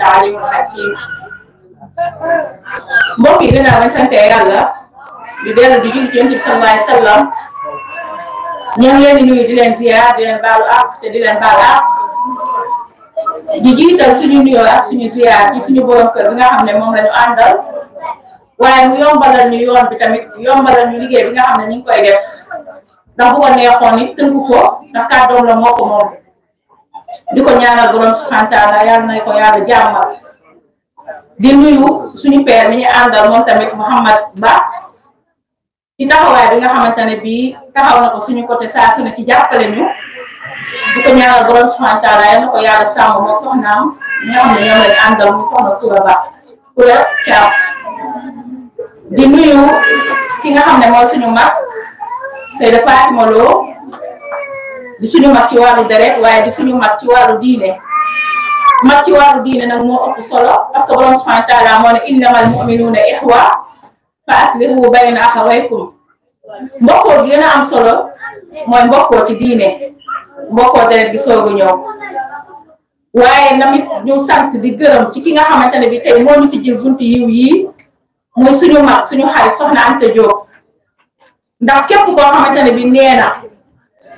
العليم الحكيم mbokk yi gannaaw bañ sante yàlla di dellu di julli ci yonent bi sallallahu alayhi wa sallam leen di nuyu di leen ziar di leen baalu àq te di leen baal àq di jiital suñu nuyoo ak suñu ziar ci suñu borom kër bi nga xam ne moom la ñu àndal waaye mu yombalal ñu yoon bi tamit yombalal ñu liggéey bi nga xam ne ñu ngi koy def ndax bu ko neexoon it tënk ko ndax kàddoom la moo ko di ko ñaanal borom subhanahu taala yàlla na ko yàlla jàmmal di nuyu suñu père mi ñu àndal moom tamit Mouhamad Ba ci taxawaay bi nga xamante ne bii taxaw na ko suñu côté saa su ne ci jàppale ñu di ko ñaanal borom subhanahu taala yàlla na ko yàlla sàmm moom soxnaam ñoo xam ne ñoom lañ àndal mu Ba di nuyu ki nga xam ne mooy suñu mag Seyda Fatima Lo di suñu mag ci wàllu deret waaye di suñu mat ci wàllu diine mag ci wàllu diine nag moo ëpp solo parce que borom subhanahu wa taala moo ne innamal muminuuna ixwa fa aslihu bayna axawaykum mbokkoo bi gën a am solo mooy mbokkoo diine mbokkoo deret di gërëm ci ki nga xamante ne bi tey moo ñu tijjil suñu mag suñu xarit soxna Anta Diop ndax képp koo xamante bi nee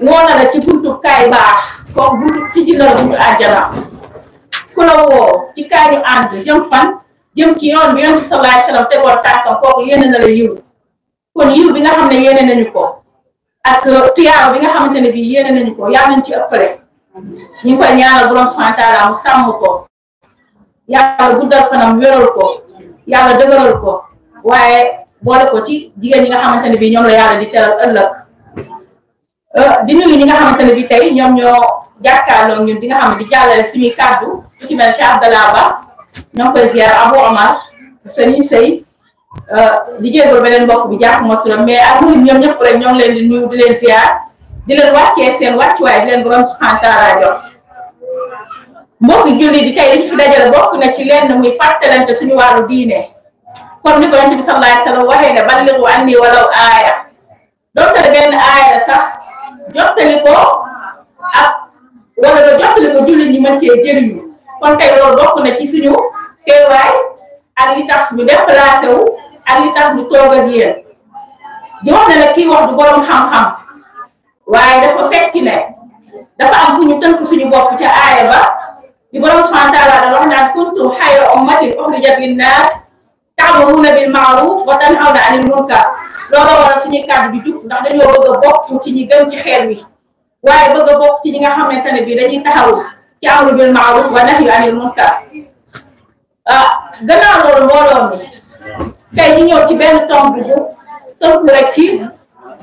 ngona la ci buntu kay ba ko buntu ci dina buntu aljara ko la wo ci kayu and jëm fan jëm ci yoon bi yoon sallallahu bi wasallam te war takko ko yene na la yiw kon yiw bi nga xamne yene nañu ko ak tuyaaw bi nga xamante bi yene nañu ko yàlla nañ ci ëppale ñu ko ñaanal borom subhanahu wa taala mu sàmm ko yàlla guddal fanam wëral ko yalla dëgëral ko waye bo la ko ci digeen yi nga xamante bi ñom la yalla di teral ëllëg Euh, di nuyu ñi nga xamante ne bi tey ñoom ñoo jàkkaarloo ñun bi nga xam ne di jàllale suñuy kàddu ku ci mel Cheikh Abdallah Ba ñoo ngi koy ziar Abou Omar Sëriñ Sey euh, di jéego beneen mbokk bi jàpp ma turam mais ak ñoom ñëpp rek ñoo leen di nuyu di leen ziar di leen wàccee seen wàccuwaay di leen bu subhanahu taala jox mbokk julli di tey dañu fi dajale bokk na ci lenn muy fàttalante suñu wàllu diine kon ni ko yonent bi sallallahu alayhi wa sallam waxee ne balligu anni jottali ko ak wala nga jottali jullit ñi mën cee jëriñu kon tey loolu bokk na ci suñu teewaay ak li tax ñu déplacé wu ak li tax ñu toog di wax ne la kii wax du borom xam-xam waaye dafa fekki ne dafa am fu tënk suñu bopp ca aaya ba di borom subhanahu wa taala da wax naan kuntum xayra ummatin uxrijat linnaas ta'muruuna bil ma'ruuf wa tanhawna 'anil munkar looloo waral suñuy kàddu bi jub ndax dañoo bëgg a bokk ci ñi gën ci xeer wi waaye bëgg a bokk ci ñi nga xamante ne bii dañuy taxaw ci amru bil ma'ruuf wa nahyu 'anil munkar ah gannaaw loolu mbooloo mi tey ñu ñëw ci benn tomb rek ci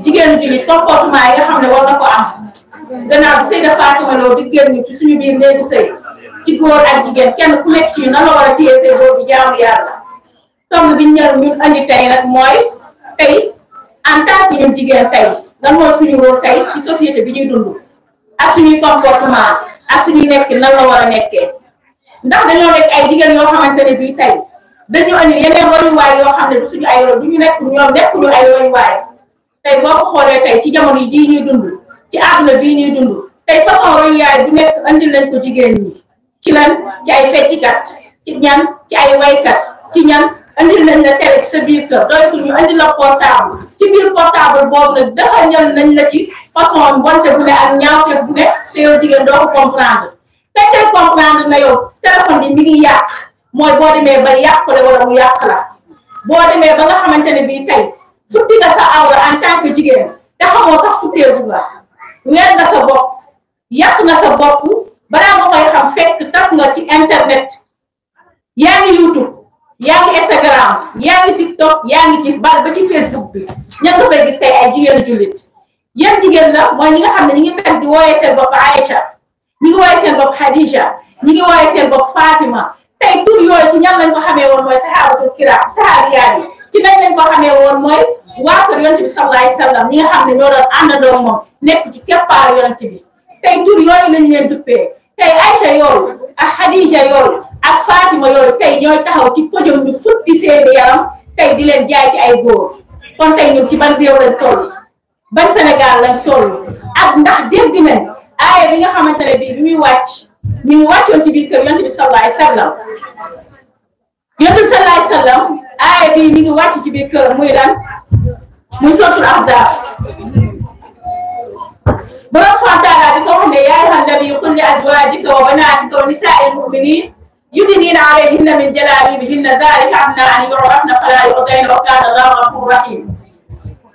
jigéenu jullit comportement xam ne war na ko am gannaaw bi Seyda Fatima Lo di génn ci suñu biir néegu sëy ci góor ak jigéen kenn ku lekk ci ñu nan la a téye sëy boobu jaamu yàlla. tomb bi ñëw ñun andi tey nag mooy tey en tant que ñun jigéen tey lan mooy suñu rôle tey ci société bi ñuy dund ak suñuy comportement ak suñuy nekk nan la war a nekkee ndax dañoo nekk ay jigéen yoo xamante ne bii tey dañu andi yeneen royuwaay yoo xam ne du suñu ay roy du ñu nekk ñoom nekkuñu boo ko xoolee tey ci jamono yi jii ñuy dund ci àdduna bii ñuy dund tey façon royuwaay bu nekk indi nañ ko jigéen ñi ci lan ci ay feccikat ci ñan ci ay waykat ci ñan andil nañ la télé sa biir kër doyatul ñu andil la portable ci biir portable boobu nag dëxañal nañ la ci façon bonte bu ne ak ñaawte bu ne te yow jigéen doo ko comprendre te tey comprendre na yow téléphone bi mi ngi yàq mooy boo demee ba yàqule wala mu yàq la boo demee ba nga xamante ne bii tey futti nga sa awra en tant jigéen te xamoo sax futteeku nga weer nga sa bopp yàq nga sa bopp balaa nga koy xam fekk tas nga ci internet yaa ngi YouTube yaa ngi Instagram yaa ngi TikTok yaa ngi ci bar ba ci Facebook bi ñan nga fay gis tey ay jigéenu jullit yan jigéen la mooy ñi nga xam ne ñi ngi teg di wooyee seen bopp Aïcha ñi ngi wooyee seen bopp Khadija ñi ngi wooyee seen bopp Fatima tey tur yooyu ci ñan lañ ko xamee woon mooy saxaabatul kiraam saxaabiyaat yi ci nañ lañ ko xamee woon mooy waa kër bi sallallahu alayhi wasallam ñi nga xam ne ñoo doon àndandoo moom nekk ci keppaaru yonent bi tey tur yooyu ak Fatima yooyu tey ñooy taxaw ci podium ñu futti seeni yaram tey di leen jaay ci ay góor kon tey ñun ci ban réew lañ toll ban Sénégal lañ toll ak ndax dégg nañ aaya bi nga xamante ne bii bi muy wàcc ñu ngi wàccoon ci biir kër yonent bi sallallahu alayhi wasallam bi sallallahu alayhi wasallam aaya bii ngi wàcc ci biir kër muy lan muy sootul ahzab borom subhanahu wa taala di ko wax ne yaa ayyuhan nabiyyu qul li azwaajika wa banaatika wa nisaa'il mu'miniin يدنين عليهن من جلابيبهن ذلك أدنى أن يعرفن فلا am وكان الله غفور رحيم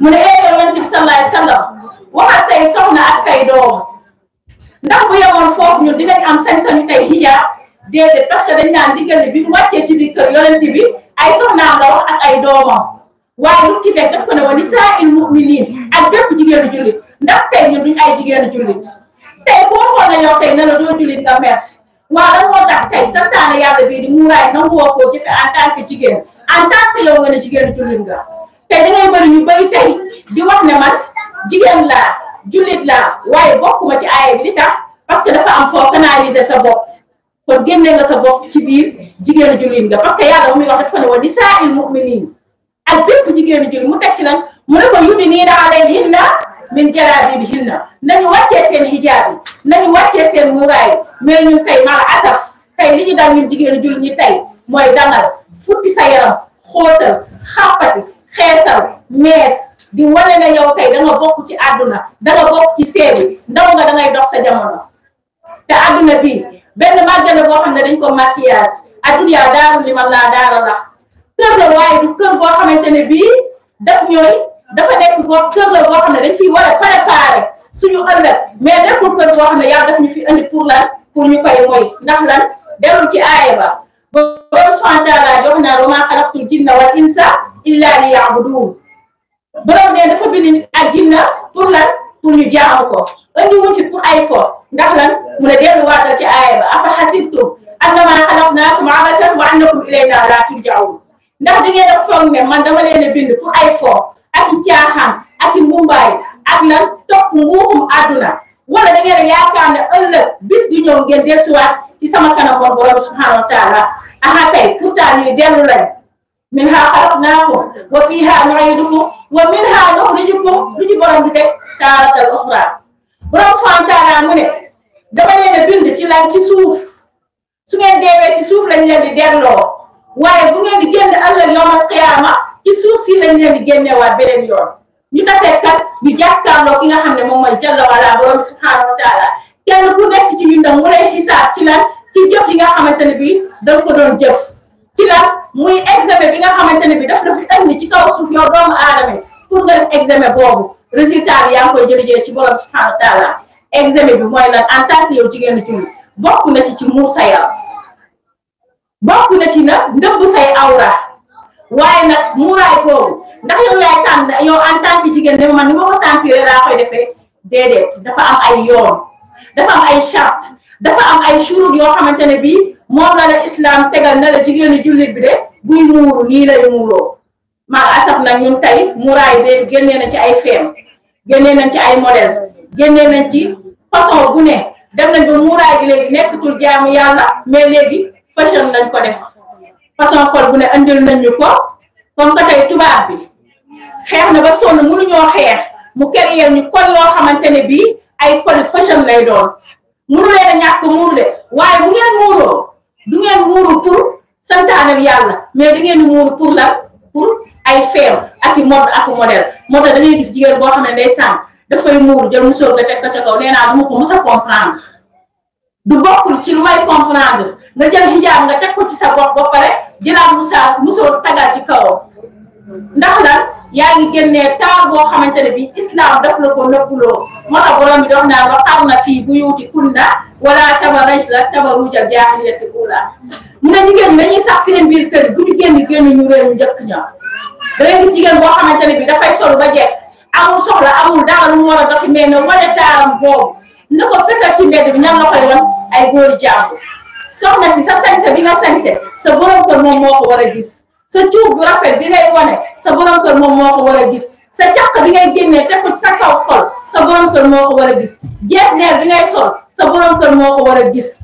mu ne eh yonent bi sallallahu alayhi wa sallam waxal say soxna ak say doom ndax bu yemoon foofu ñun dinañ am sañ-sañu tey hijab déedéet parce que dañ bi mu wàccee ci biir kër yonent bi ay soxnaam la wax ay doomam waaye lu ci nekk daf ko ne wa nisaa'il mu'minin ak bépp jigéenu jullit ndax tey ñun duñ ay jigéenu jullit tey boo xool na yow tey ne la doo jullit nga mer. waaw lan moo tax tey santaane yàlla bii di muuraay nangu woo koo jëfe en tant jigéen en tant que yow nga ne jigéen jullit nga te da ngay bëri ñu bëri tey di wax ne man jigéen la jullit laa waaye bokkuma ci aaya bi li tax parce que dafa am foo canaliser sa bopp kon génne nga sa ci biir jigéen jullit ga parce que yàlla muy wax dafa ne woon nisaa il muminin ak bépp jigéenu jullit mu teg ci lan mu ne ko yudni niina alayhinna min jaraabi bi hinna nañu wàccee seen hijaab yi nañu wàccee seen muuraay mais ñun tey mala asaf tey li ñu daan ñun jigéen jul ñi tey mooy damal futti sa yaram xóotal xàppati xeesal mees di wane ne yow tey da bokk ci àdduna da nga bokk ci yi ndaw nga da ngay dox sa jamono te àdduna bii benn màggale boo xam ne dañ ko maquillage adduna daaru li man laa daara la kër la waaye du kër boo xamante ne bii daf ñooy dafa nekk góor kër la boo xam dañ fi war a préparer suñu ëllëg mais nekkul kër boo xam ne yàlla daf ñu fi indi pour lan pour ñu koy moy ndax lan dellu ci aaya ba borom subhanahu taala di wax naan wa jinna wal insa illa li yaabuduun borom ne dafa bind ak jinna pour lan pour ñu jaamu ko indi wuñ fi pour ay fo ndax lan mu ne delluwaatal ci aaya ba afa xasibtum annamaa xalaqnaakum abasan wa annakum ilaynaa laa turjaun ndax da ngeen a foog ne man dama leen a bind pour ay fo ak caaxaan ak mbumbaay ak lan top mbuuxum aduna wala da ngeen yaakaane ne bis du ñëw ngeen wat ci sama kanam moom borom subhanahu wa taala aha kay pourtant ñuy delu lay min ha xalaqnaakum wa fiha nuidukum wa minha ha nuxrijukum lu ci borom bi teg taaratal uxra borom subhanahu wa taala mu ne dama leen bind ci lan ci suuf su ngeen deewé ci suuf lañ leen di delo waye bu ngeen di genn ëllëg yowmal qiyamah ci suuf si lañ leen di génneewaat beneen yoon ñu tasee bi ñu jàkkaarloo ki nga xam ne moom mooy Jalla wala borom subhaanahu wa taala kenn ku nekk ci ñun nag mu lay ci lan ci jëf yi nga xamante ne bi daf ko doon ci lan muy examen bi nga xamante ne bi daf dafa indi ci kaw suuf yow doomu aadama pour nga def examen boobu résultat yaa ngi koy jëlee ci borom subhaanahu wa taala bi mooy lan en tant que yow jigéenu ci bokk na ci ci muur sa yaram bokk na ci nag ndëbb say awra waaye nag muuraay googu ndax yow yaay tànn yow jigéen ne man ni ma ko sentir laa koy defee déedéet dafa am ay yoon dafa am ay charte dafa am ay shurut yoo xamante ne bii moom la la islam tegal na la jigéenu jullit bi de buy muuru nii lay muuroo maa asaf nag ñun tey muuraay de génnee nañ ci ay feem génnee nañ ci ay modèle génnee nañ ci façon bu ne dem nañ ba muuraay gi léegi nekkatul jaamu yàlla mais léegi fashion nañ ko def façon col bu ne andil nañu ko comme que tey tubaab bi xeex na ba sonn mënuñoo xeex mu créer ñu col yoo xamante ne bii ay col fashion lay doon mënu leen a ñàkk muur de waaye bu ngeen muuroo du ngeen muuru pour santaane yàlla mais da ngeen muuru pour lan pour ay feew ak i mode ak modèle moo tax da ngay gis jigéen boo xam ne ndeysaan dafay muur jël musóor nga teg ko ca kaw nee naa du ma comprendre du bokkul ci lu may comprendre nga jël hijaab nga teg ko ci sa ba pare. jëlaat musaa musoo tagal ci kawam ndax lan yaa ngi génnee taar boo xamante ne bi islam daf la ko nëbbuloo moo tax borom bi dox naa waxaw na fii bu yuuti kunna wala tabaraj la tabarujal jaahiliyati ula mu ne jigéen ñi dañuy sax seen biir kër bu ñu génn génn ñu réew njëkk ña da ngay gis jigéen boo xamante ne bi dafay sol ba jekk amul soxla amul dara lu mu war a doxi mais ne wane taaram boobu na ko fesal ci mbedd bi ñam la koy wan ay góori jàmbur soxna si sa sañse bi nga sañse sa borom kër moom moo ko war a gis sa cuub bu rafet bi ngay wane sa borom kër moom moo ko war a gis sa càq bi ngay génnee teg ko sa sa borom moo ko war a gis jees neer bi ngay sol sa borom kër moo ko war a gis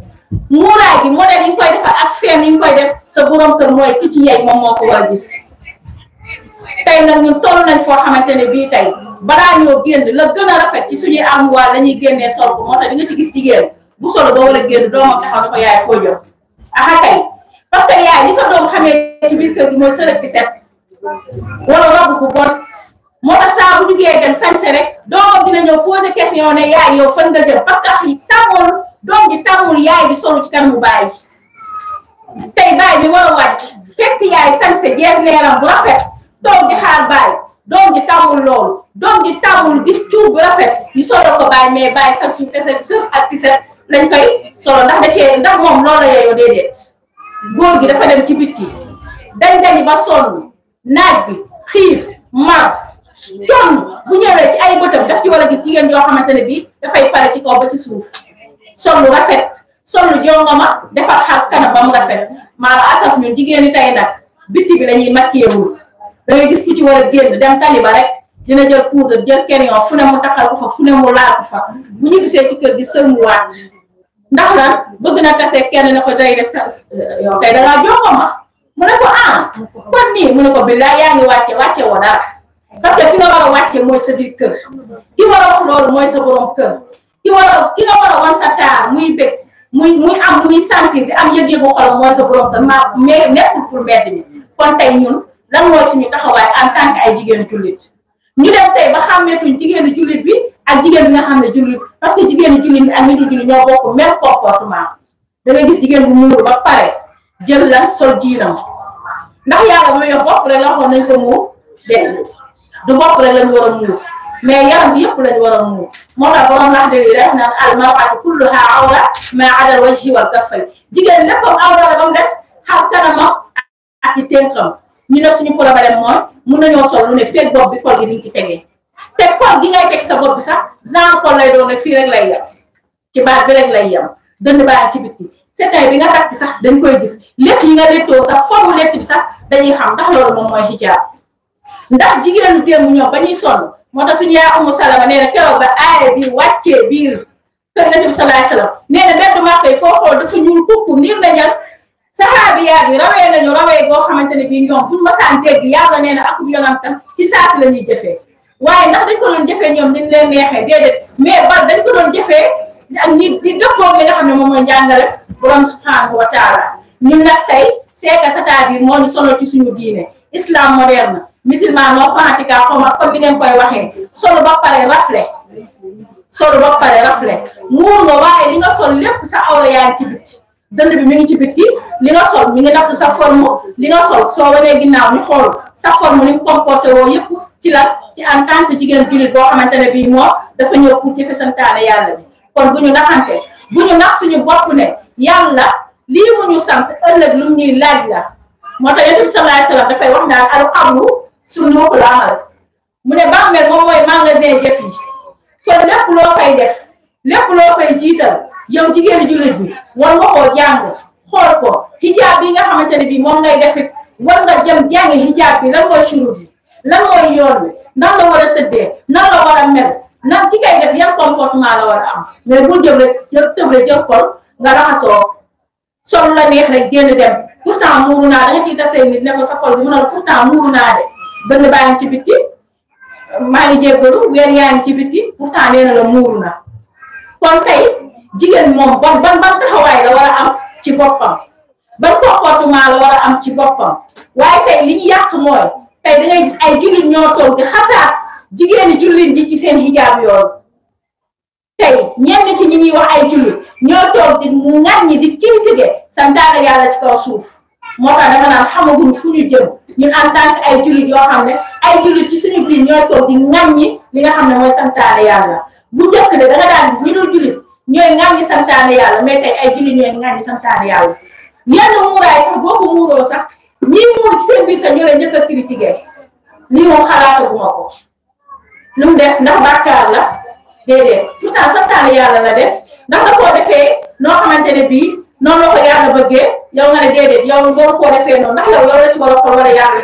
muuraay gi modèle yi nga koy defar ak feem yi nga koy def sa borom kër mooy ki ci yeeg moom moo ko war a gis tey nag ñun toll nañ foo xamante ne bii tey balaa ñoo génn la gën a rafet ci suñuy armoire la ñuy génnee sol ko moo tax di nga ci gis jigéen bu solo ba war a génn doomam taxaw na ko yaay foo jot aha kay parce yaay li ko doom xamee ci biir kër gi mooy sërëg bi set wala robb bu bon moo tax saa bu jugee dem sañse rek doomam dina ñëw posé question ne yaay yow fan nga jëm parce que tàmmul doom ji tàmmul yaay bi solo ci kanamu baay tey baay bi war a wàcc fekk yaay sañse jeex leeram bu rafet doom di xaar baay doom ji tàmmul loolu doom ji tàmmul gis cuub bu rafet ñu solo ko baay mais baay sañ lañ koy solo ndax da cee ndax moom loolu la yeyoo déedéet góor gi dafa dem ci bitti dañ dañi ba sonn naaj bi xiif mar tonn bu ñëwee ci ay bëtam daf ci war a gis jigéen yoo xamante ne bii dafay pare ci kaw ba ci suuf sol lu rafet sol lu jongoma defar xar kanam ba mu rafet maanaam asaf ñun jigéen ñi tey nag bitti bi la ñuy makkeewul da ngay gis ku ci war a génn dem taliba rek dina jël poudre jël kenn yoo fu ne mu takkal ko fa fu ne mu laal ko fa bu ñu gisee ci kër gi ndax lan bëgg na kenn ne ko tey de yow tey da ngaa jokkoo ma mu ne ko ah nii mu ne ko billaay yaa ngi wàcce wàcce woo dara parce que ki nga war a wàcce mooy sa biir kër ki war a wax a a wan sa taar muy bëgg muy muy am muy sentir am yëg-yëgu xolam mooy sa borom kër ma mais nekkul pour mbedd mi kon ñun lan mooy suñu taxawaay en tant que ay jigéenu jullit ñu dem tey ba xàmmeetuñ jigéenu jullit bi. ak jigéen bi nga xam ne jullit parce que jigéen jullit ñi ak nit ñi jullit ñoo bokk même comportement da gis jigéen bu muur ba pare jël lan sol jiinam ndax yàlla mooy bopp rek la waxoon nañ ko muur déedéet bopp rek lañ war a muur mais yaram bi yëpp lañ war a muur moo tax borom ndax dégg nga def naan al mar'atu kulluha awra ma adal wajhi wal kaffay jigéen léppam awra la ba mu des xar kanamam ak i tënkam ñu ne suñu problème mooy mun nañoo sol lu ne feeg bopp bi kol gi ni ñu te koor gi ngay teg sa bopp sax genre koor lay doon rek fii rek lay yem ci baat bi rek lay yem dënn baa ci bitti setay bi nga takk sax dañ koy gis lépp yi nga lettoo sax forme sax dañuy xam ndax loolu moom mooy xijaab ndax jigéenu démb ñoom ba ñuy sonn moo tax suñu yaa na keroog ba aaya bi wàccee biir kër nabi bi salaay salaam nee na mbedd Màkka yi foo xool dafa ñuul kukku niir nañal saxaabiyaat yi boo xamante ne bii ñoom buñu masaan dégg na ak yonam tam ci saasi la ñuy jëfe waaye ndax dañ ko doon jëfee ñoom ni leen neexee déedéet mais ba dañ ko doon jëfee ni ñi di dëppoo li nga xam ne moom mooy njàngale borom subhanahu wa ñu ñun nag tey c'est que cest moo ñu solo ci suñu diine islam moderne musulman non pratiquant xaw ma comme ni ngeen koy waxee solo ba pare rafle solo ba pare rafle muur nga waaye li nga sol lépp sa awra yaa ngi ci bitti dënd bi mu ngi ci bitti li nga sol mu ngi natt sa forme li nga sol soo wanee ginnaaw sa ni mu comporté ci la ci am tant que jigéen jullit boo xamante ne bii moom dafa ñëw pour jëfe santaane yàlla bi kon bu ñu naxante bu ñu nax suñu bopp ne yàlla lii mu ñu sant ëllëg lu ñuy laaj la moo tax yonent bi sallallahu alayhi wasallam dafay wax naan al qabru sunduqul amal mu ne bàmmeel moom mooy magasin jëf yi kon lépp loo koy def lépp loo koy jiital yow jigéenu jullit bi war moo koo jàng xool ko hijab bi nga xamante ne bii moom ngay defit war nga jëm jàngi hijab bi lan mooy shurut bi lan mooy yoon wi nan la war a tëddee nan la war a mel nan ki def yan comportement la war a am mais bu jël rek jël tëb rek jël kol nga raxasoo sol la neex rek génn dem pourtant muuru naa da nga ciy tasee nit ne ko sa xol bi mu ne pourtant muuru naa de bënn baa ngi ci bitti maa ngi jéggalu weer yaa ngi ci bitti pourtant nee la muuru na kon tey jigéen moom ban ban taxawaay la war a am ci boppam ban comportement la war a am ci boppam waaye tey li ñu yàq mooy tey da ngay gis ay jullit ñoo toog di xasaat jigéeni jullit ji ci seen hijaab yoon tey ñenn ci ñi ñuy wax ay jullit ñoo toog di ŋàññi di kintige santaane yàlla ci kaw suuf moo tax dama naan xamaguñ fu ñu jëm ñun en ay jullit yoo xam ne ay jullit ci suñu biir ñoo toog di ŋàññi li nga xam ne mooy santaane yàlla bu njëkk de da nga daan gis ñu dul jullit ñooy ŋàññi santaane yàlla mais tey ay jullit ñooy ŋàññi santaane yàlla yenn muuraay sax boo muuroo sax ñii moom seen biir sa ñu leen ñëpp a critiqué lii moom xalaataguma ko lu mu def ndax bàkkaar la déedéet pourtant santaane yàlla la def ndax nga koo defee noo xamante ne bii noonu la ko yàlla bëggee yow nga ne koo defee noonu ndax yow a xool wala yàlla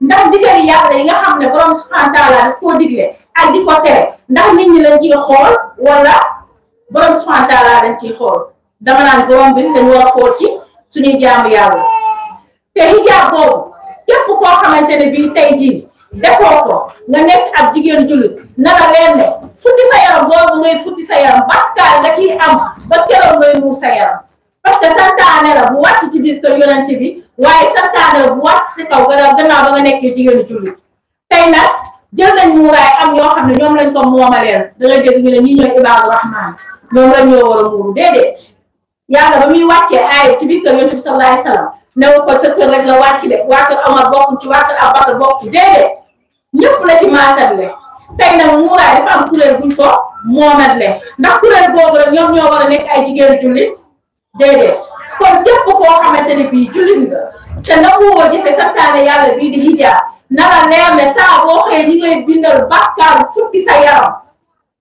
la yi nga xam ne borom subhaana taala daf koo digle ak di ko tere ndax nit ñi lañ ciy xool wala borom subhaana taala dañ ciy xool dama naan borom bi dañ a xool ci suñuy jaamu yàlla. te hijab boobu képp koo xamante ne bii tey jii defoo ko nga nekk ab jigéen jullit a leen ne futti sa yaram boobu ngay futti sa yaram bakkaar nga ciy am ba sa parce que santaane la ci biir kër yonent bi bu wàcc si kaw gannaaw gannaaw ba nga nekkee jigéenu jullit tey nag jël nañ muuraay am ñoo xam ne ñoom lañ ko moomaleel da ngay dégg ñu ne ñi ñooy ibaadu rahmaan ñoom lañ war a muuru déedéet yàlla ba muy wàccee aay ci biir kër yonent bi sallallahu alayhi wa new ko sa kër rek la wàcc de waa kër Omar bokk ci waa kër Abubakar bokk ci déedéet ñëpp la ci maasal le tey nag muuraay dafa am kuréel buñ ko moomat le ndax kuréel googu rek ñoom ñoo war a nekk ay jigéen jullit déedéet kon képp koo xamante ne bii jullit nga te nanguwoo jëfe santaane yàlla bii di hijaab a leer ne saa boo xëyee ñi ngay bindal bàkkaaru fukki sa yaram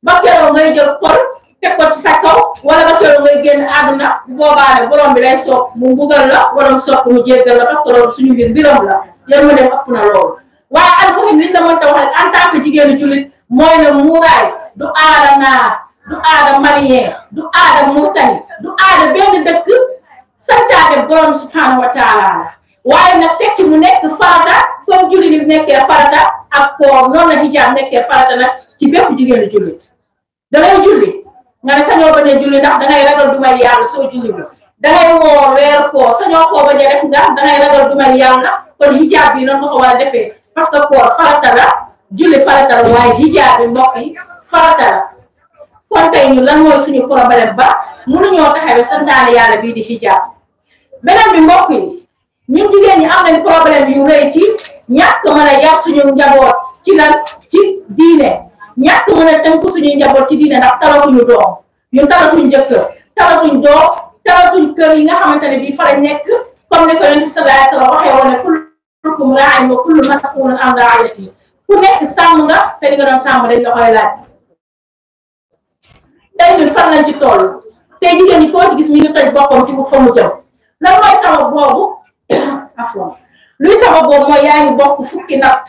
ba keroog ngay jël xol teg ko ci sa kaw wala ba keroog ngay génn àdduna bu boobaa ne borom bi lay soog mu mbugal la borom soog mu jéggal la parce que loolu suñu mbir mbiram la yan ma dem ëpp na loolu waaye almuhim liñ la mënta wax en tant que jigéenu jullit mooy ne muuraay du aada naar du aada malien du aada murtani du aada benn dëkk santaane borom subhanahu wa taala la waaye nag teg ci mu nekk farata comme jullit yi nekkee farata ak koor noonu la hijab nekkee farata nag ci bépp jigéenu jullit da ngay nga ne sañoo bañ a julli ndax dangay ragal du may yàlla soo julli ko dangay woor weer koor sañoo koo bañ a def ndax dangay ragal du may yàlla kon hijaab bi noonu ko war a defee parce que koor farata la julli farata la waaye hijaab bi mbokk yi farata la kon tey ñu lan mooy suñu problème ba mënuñoo taxawee santaane yàlla bii di hijaab beneen bi mbokk yi ñun jigéen ñi am nañ problème yu rëy ci ñàkk mën a yar suñu njaboot ci lan ci diine. ñàkk mën a tënk suñuy njaboot ci diine ndax talatuñu doom ñun talatuñ jëkkër talatuñ doom talatuñ kër yi nga xamante ne bii fa la nekk comme ni ko yonent bi sallallahu alayhi wa sallam waxee woon ne kullukum raa'in wa kullu mas'ulun an ra'iyyatihi ku nekk sàmm nga te li nga doon sàmm dañ la koy laaj. tey ñun fan lañ ci toll tey jigéen ñi koo ci gis mi ngi toj boppam ci fa mu jëm lan mooy sabab boobu afwan luy sabab boobu mooy yaa ngi bokk fukki natt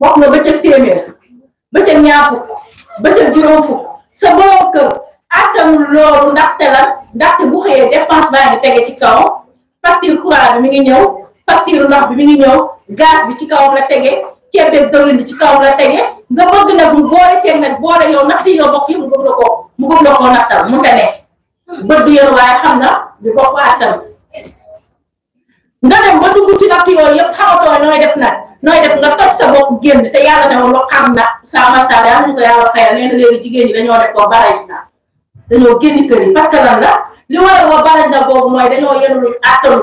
bokk nga bëccëg téeméer. bëccëg ñaa fukk bëccëg juróom fukk sa borom kër attanul loolu ndaxte lan ndaxte bu xëyee dépense baa ngi tege ci kawam facture courant bi mi ngi ñëw facture ndox bi mi ngi ñëw gaz bi ci kawam la tege ceeb beeg bi ci kawam la tege nga bëgg nag mu boole ceeb nag boole yow natt yow bokk yi mu bëgg la ko mu bëgg ne bët du yor waaye xam na du bokk attan nga dem ba dugg ci natt yooyu yëpp xamatoo nooy def nag. noy def nga toj sa bokk genn te yalla ne lo xam na sama sala ñu ko yalla fayal nee na jigen ni ñi dañoo def ko barage na dañoo genn kër yi parce que lan la li war wa barage na bokk moy dañoo yenu lu atalu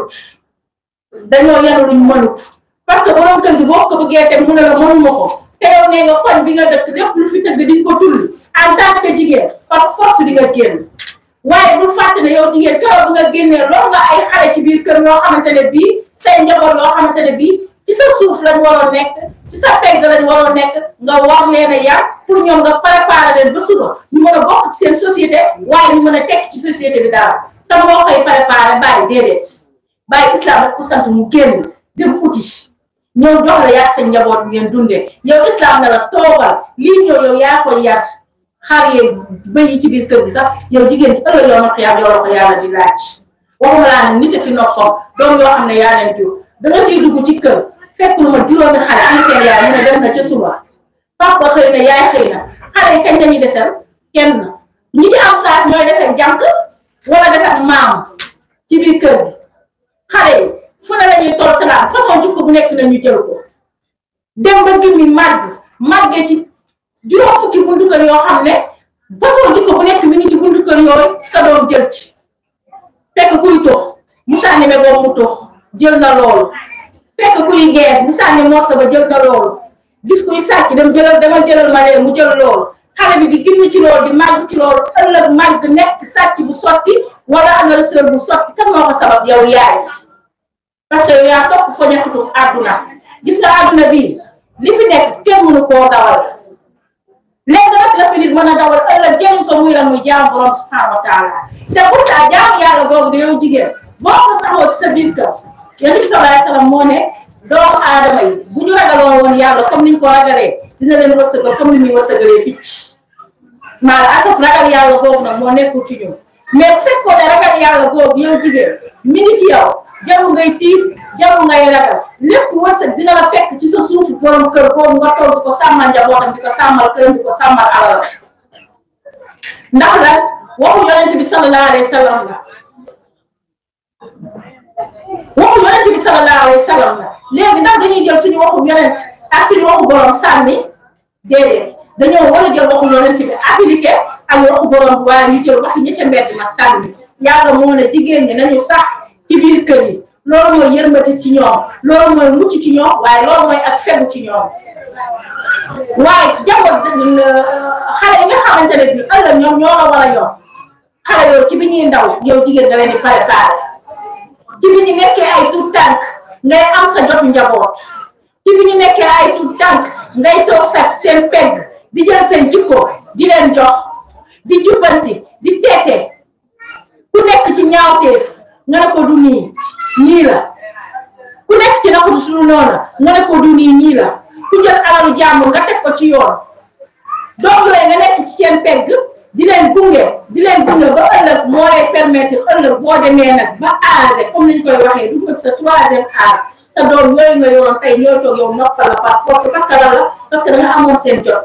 dañoo yenu lu mënut parce que borom keur gi bokk ko bëggee teg mu ne la mënuma mako te yow ne nga koñ bi nga dëkk lepp lu fi tëgg di ko tulli en tant que jigen par force di nga genn waye bu fàtte ne yow kaw bu nga genné lo nga ay xalé ci biir keur lo xamantene bi say njabot lo xamantene bi ci sa suuf lañ waroon nekk ci sa pegg lañ waroon nekk nga war leen a yar pour ñoom nga préparer leen ba suba ñu mën a bokk ci seen société waaye ñu mën a tekk ci société bi dara te moo koy préparé bàyyi déedéet bàyyi islam ak ku sant mu génn dem uti ñëw jox la yar sa njaboot ngeen dundee yow na la toogal lii ñëw yow yaa koy yar xar yeeg bëy yi ci biir kër bi sax yow jigéen ñi ëllëg yow na ko yar yow la ko yàlla di laaj laa ne nit a ci noppam doom yoo xam ne yaa leen jur da nga ciy dugg ci kër. fekk lu ma juróomi xale am seen yaay mu ne dem na ca suba papa xëy na yaay xëy xale yi kañ lañuy desal kenn ñi ci am saas ñooy desal jànq wala desal maam ci biir kër bi xale yi fu ne lañuy toll talaam façon jikko bu nekk nañu jël ko dem ba gëm mi màgg màggee ci juróom fukki buntu yoo xam ne façon jikko bu nekk mi ngi ci buntu kër yooyu sa doom jël ci fekk kuy tox mu sànni megoom mu tox jël na loolu fekk kuy gees mu sànni morso ba jël na loolu gis kuy sàcc dem jëlal demal jëlal ma lee mu jël loolu xale bi di ginn ci loolu di màgg ci loolu ëllëg màgg nekk sàcc bu sotti wala agresseur bu sotti kan moo ko sabab yow yaay parce que yow yaa topp ko ñaxatu àdduna gis nga àdduna bii li fi nekk kenn mënu koo dawal léegi rek la fi nit mën a dawal ëllëg jëriñ ko muy la muy jaam borom subhanahu wa taala te pourtant jaam yàlla googu da yow jigéen boo ko saxoo ci sa biir kër yonent bi sallallahu alayhi wa sallam doomu aadama yi bu woon yàlla comme niñ ko ragalee dina leen wërsëgal comme ni muy wërsëgalee picc maanaam asaf ragal yàlla googu nag moo nekkul ci ñun mais bu ragal yàlla googu yow jigéen mi ngi ci yow jarul ngay tiit jarul ngay ragal lépp wërsëg dina la fekk ci sa suuf borom kër boobu nga toog di ko sàmmal njabootam di ko sàmmal këram di ko sàmmal alal ndax lan waxu yonent bi sallallahu alayhi wa la yonent bi sallallahu alayhi wa sallam la léegi ndax dañuy jël suñu waxu yonent ak suñu waxu borom sànni déedéet dañoo war a jël waxu yonent bi appliqué ak waxu borom bu waaye ñu jël ña ca mbedd ma sànni yàlla ñi nañu sax ci biir kër i loolu mooy yërmati ci ñoom loolu mooy ci ñoom waaye loolu ak fegu ci ñoom waaye jamono euh, xale yi nga xamante ne bii ëllëg ñoom ñoo la war a yor xale yooyu ci bi ñuy ndaw yow jigéen da leen di préparé ci bi ñu nekkee ay tuut tànk ngay am sa jotu njaboot ci bi ñu nekkee ay tuut tànk ngay toog sa seen pegg di jël seen jikko di leen jox di jubbanti di teete ku nekk ci ñaawteef nga ne ko du nii la ku nekk ci na ko suñu noonu nga ko du nii nii la alalu jàmm nga teg ko ci yoon doogu lay nga nekk ci seen peg di leen gunge di leen gunge ba ëllëg moo lay permettre ëllëg boo demee nag ba âge comme ni koy waxee du ko sa troisième âge sa doom yooyu nga yoroon tey ñooy toog yow noppal par force parce que lan la parce que da nga amoon seen jot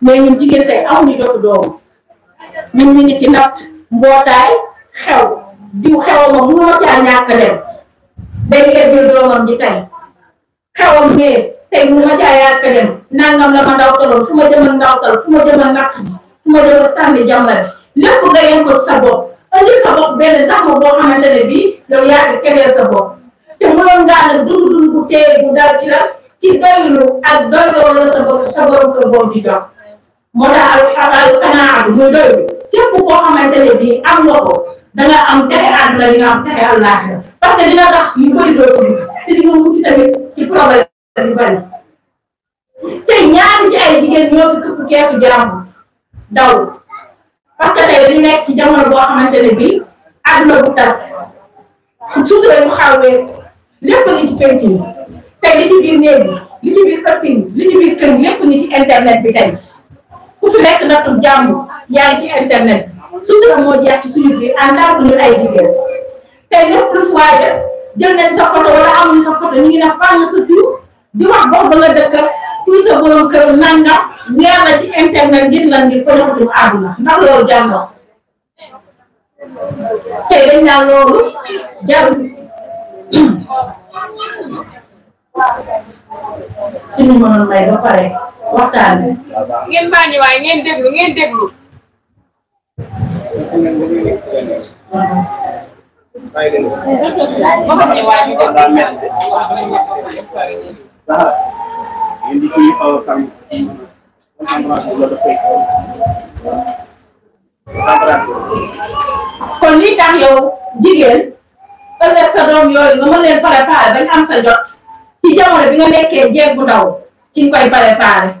mais ñun jigéen tey ñu ngi ci natt mbootaay xew diw xewam ma mënuma caa ñàkk dem day eggul doomam ji tey xewam mais tey mënuma caa ñàkk dem nangam la ma ndawtaloon fu ma jëman ndawtal fu ma jëman natt ji fu ma doon sànni jàmbare lépp nga yem ko sa bopp indi sa benn sax ma boo xamante ne bii yow yaa ngi keneen sa bopp te mënoon ngaa ne dund dund bu teey bu la ci doylu ak doyloo la sa bopp sa borom kër boobu di jox moo tax al al qanaatu muy doylu képp koo xamante ne bii am nga ko da nga am texe àdduna li nga am texe àllaaxira parce que dina tax yu bëri doo tudd te di nga mucc tamit ci problème yu bëri te ñaari ci ay jigéen ñoo fi këpp keesu daw parce que tey dañu nekk ci jamono boo xamante ne bii àdduna bu tas sutura bu xawee lépp ngi ci penc tey li ci biir néeg li ci biir parti bi li ci biir lépp ngi ci internet bi tey ku fi nekk nattu jàmm yaa ngi ci internet sutura moo jeex ci suñu biir en tant que ñun ay jigéen tey lépp lu fi waaye def jël nañ sa photo wala amuñu sa photo ñu ngi ne fànn sa tur di wax gox ba nga dëkk pour sa borom kër nangam internet ngir lan ngir ko doxatum àdduna ndax loolu jar na tey dañ naan loolu jarul suñu mënoon may ba pare waxtaan bi. ngeen baa ñu waaye ngeen déglu ngeen déglu. ba kon li tax yow jigéen ëllëg sa doom yooyu nga mën leen préparer bañ am sa jot ci jamono bi nga nekkee jeeg bu ndaw ci nga koy préparer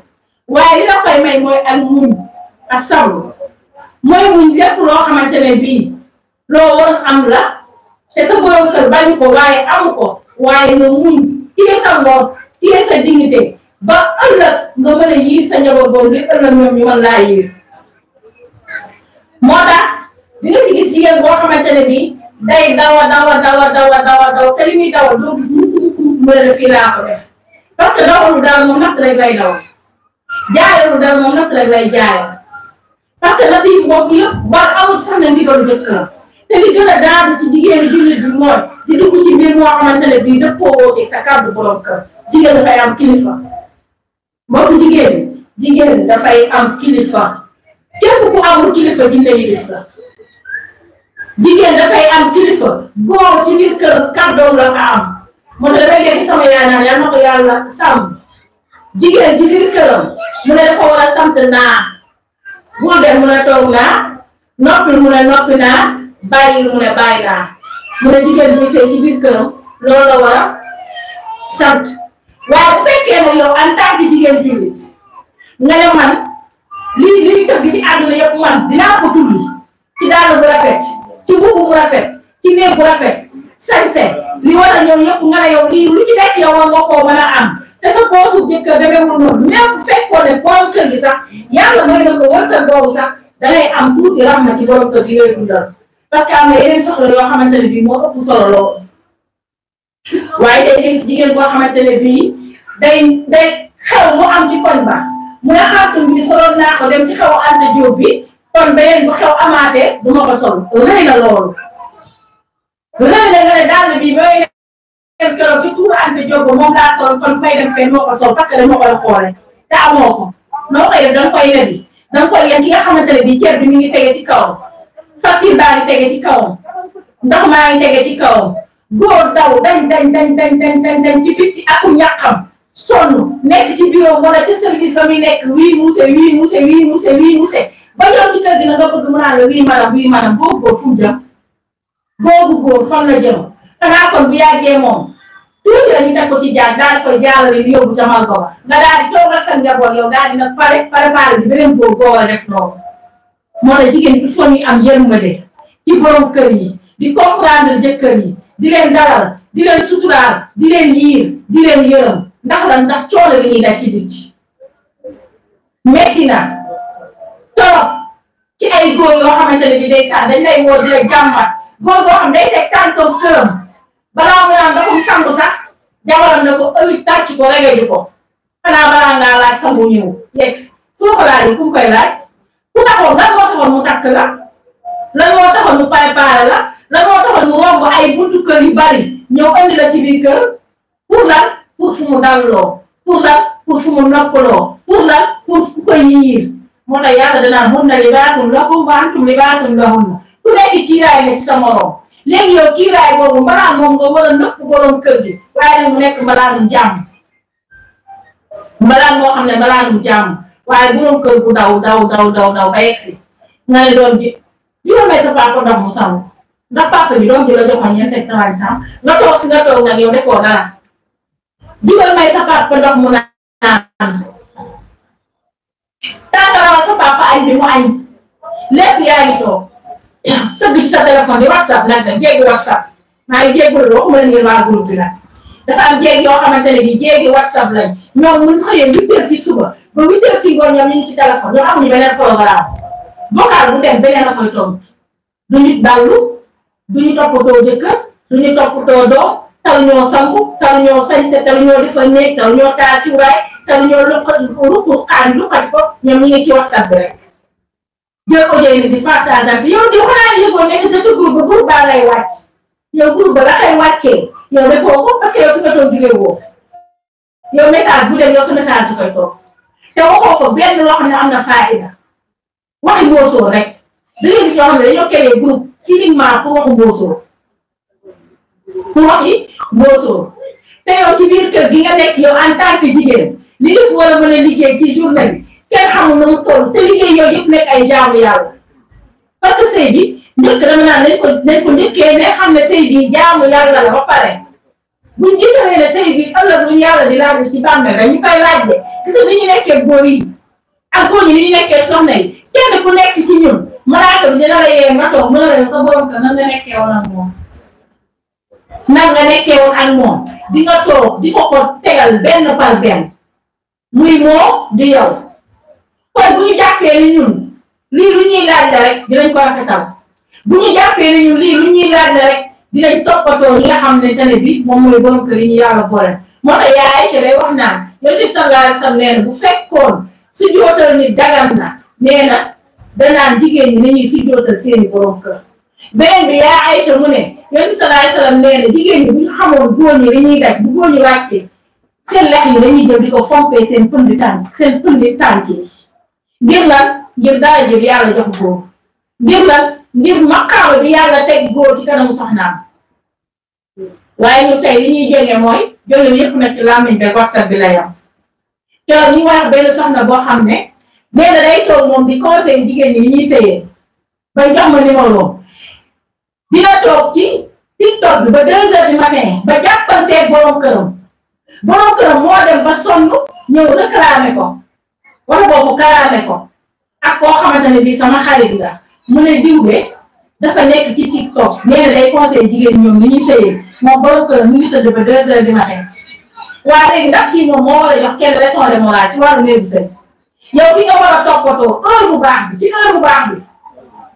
waaye li la koy may mooy ak muñ ak sablu mooy muñ lépp loo xamante ne bii loo waroon am la te sa borom kër bañu ko waaye amu ko waaye nga muñ téye sa ngor téye sa dignité ba ëllëg nga mën a yiir sa njaboot boobu ngir ëllëg ñoom ñu mën yiir moo tax di nga gis jigéen boo xamante ne bii day dawa dawa dawa dawa dawa daw te dawa doo gis mu ne fii laa ko def parce que dawalu daal moom natt rek lay daw jaayalu daal moom natt rek lay jaayal parce la bii boobu yëpp war amul sax ne ndigalu jëkkëram te li gën a daas ci jigéenu jullit mooy di dugg ci mbir moo xamante ne bii dëppoo woo ci sa kàddu borom kër jigéen dafay am kilifa. mbokk jigéen jigéen dafay am kilifa képp ku amul kilifa dina yilif jigéen dafay am kilifa góor ci biir kër kàddoom la am mu ne dafay dégg sama yaay naan yal na yàlla sàmm jigéen ci biir këram mu ne dafa war a sant naa bul dem mu ne toog naa noppi mu ne noppi naa bàyyi mu ne bàyyi naa mu ne jigéen bi sëy ci biir këram loolu la war a waaye bu fekkee ne yow en tant que jigéen jullit nga ne man lii lii dëgg ci àdduna yëpp man dinaa ko tulli ci dàll bu rafet ci mbubb bu rafet a a am te sa poosu jëkkër demeewul noonu même bu fekkoon ne borom kër gi sax yàlla mën na ko wërsëg boobu sax da ngay am tuuti raxma ci borom kër gi waaye day jigéen boo xamante ne bii day day xew mu am ci koñ ba mu ne xaatum bi soloon naa ko dem ci xew Anta Diop bi kon beneen bu xew amaatee du ma ko sol rëy na loolu rëy moo parce que dama koy xoole te amoo ko noo koy def danga koy lebi danga koy yem ki nga xamante ne bii ceeb bi mi ngi tege ci kawam facture baa ngi tege ci kawam ndox maa ngi tege ci kawam góor daw dañ dañ dañ dañ dañ dañ dañ ci bitti aku ñàkkam sonn nekk ci bureau wala ci service ba muy nekk wii muse wii muse wii muse wii muse ba yow ci kër gi na nga bëgg mu naan la wii manam wii manam boobu góor fu mu jëm boobu góor fan la jëm xanaa kon bu yàggee moom tuuti la ñu teg ko ci jaar daal di koy jaarale di yóbbu jamal ko nga daal di toogal sa njaboot yow daal di nag pare préparé bi beneen góor boo war a def loolu moo ne jigéen il faut ñu am yërmande ci borom kër yi di comprendre jëkkër yi di leen dalal di leen suturaal di leen yiir di leen ndax la ndax coono bi ñuy ci biti metti na torop ci ay góor yoo xamante ne bi day saan dañ lay woo di day teg tànkam këram balaa nga naan dafum sangu sax jabaram na ko ëwit tàcc ko regaju ko xanaa balaa ngaa laaj sangu ñëw yegg soo ko laajee ku koy laaj ku taxoon lan moo taxoon mu takk la lan moo taxoon mu préparé la la nga taxoon mu romb ay buntu kër yu bari ñëw andi la ci biir kër pour lan pour fu mu dalloo pour lan pour fu mu noppaloo pour ku ko moo tax yàlla danaa mun na libaasum lakum wa antum libaasum lahunna ku nekk kiiraay ne ci sa morom kiiraay boobu mbalaan moom nga war a nëpp borom kër gi waaye nag nekk mbalaanum jàmm mbalaan moo ne mbalaanum waaye borom kër bu daw daw daw daw daw ba yegsi doon ji di ko sa papa ndox mu nga papa bi doom ji la joxoon ñeent ak trente cent nga toog fi nga toog nag yow defoo dara digal may sa papa ndox mu naan tàngalawal sa papa añ bi mu añ lépp yaa ngi toog sëgg ci sa téléphone di whatsapp nag nag jéggi whatsapp maa ngi jéggul waxuma la ngeen waa groupe bi nag dafa am jéeg yoo xamante bi jéegi whatsapp lañ ñoom mun xëyee huit heures ci suba ba huit heures ci ngoon ñoom ñu ngi ci téléphone ñoom amuñu beneen programme vocal bu dem beneen la koy toog du nit dallu du ñu toppatoo jëkkër du ñu toppatoo doom tal ñoo sangu tal ñoo sañse tal ñoo defar néeg tal ñoo taal cuuraay tal ñoo luqati ruqaani luqati ko ñoom ñu ngi ci whatsapp bi rek. jël di partage ak yow di xanaa yëgoo nekk da ci groupe ba defoo ko parce que yow fi nga toog message bu dem yow message su koy toog te waxoo fa benn loo xam ne am na faayda waxi boosoo rek da ngay yoo xam ne dañoo créé groupe. cliniquement ku waxu mboosoo ku waxi mboosoo te yow ci biir kër gi nga nekk yow en tant que jigéen li yëpp war a mën a liggéey ci journée bi kenn xamul na te liggéey yooyu yëpp nekk ay jaamu yàlla parce que sëy bi njëkk dama naan nañ ko nañ ko ne xam ne sëy bi jaamu yàlla la ba pare buñ jiitalee ne sëy bi ëllëg luñ yàlla di laaj ci bàmmeel dañu koy laaj de gis nga ni ñu nekkee góor yi ak góor ñi ni ñu nekkee soxna yi kenn ku nekk ci ñun malaaka bi dina la yee nga toog mu la rew sa borom kër nan nga nekkee woon ak moom nan nga nekkee woon ak moom di ko ko tegal benn par benn muy moo di yow kon bu ñu jàppee ni ñun lii lu ñuy laaj la rek dinañ ko rafetal bu ñu jàppee ni ñun ne tane bi moom mooy borom kër yi ñu yàlla boole moo tax yaay ci naan yonent bi sallallahu alayhi bu fekkoon si jootal ni dagan na nee danaan jigéen ñi nañuy sujjootal seeni borom kër beneen bi yaa Aïcha mu ne yonent salaay salaam nee na jigéen ñi bu ñu xamoon góor ñi daj bu góor ñi seen lex yi dañuy jël di ko fompee seen pëndi tànk seen pëndi tànk yi ngir lan ngir daal jël yàlla jox góor ngir lan ngir maqaama bi yàlla teg góor ci kanamu soxnaam waaye ñu tey li ñuy mooy jóge yëpp nag làmmiñ beeg whatsapp bi la yam te ñu wax benn soxna boo xam ne nee na day toog moom di conseil jigéen ñi ni ñuy sëyee ba jox ma numéro dina toog ci tiktok bi ba deux heures du ba jàppanteeg borom këram borom këram moo dem ba sonn ñëw réclamé ko wala boobu kalaame ko ak koo xamante ne bii sama xarit la mu ne diw be dafa nekk ci tiktok nee na day conseil jigéen ñoom ni ñuy sëyee moom borom këram mu ngi tëdd ba deux heures du waa léegi ndax kii moom moo war a jox kenn leçon de morale ci wàllu néegu sëy yow ki nga war a toppatoo heure bu baax bi ci heure bu baax bi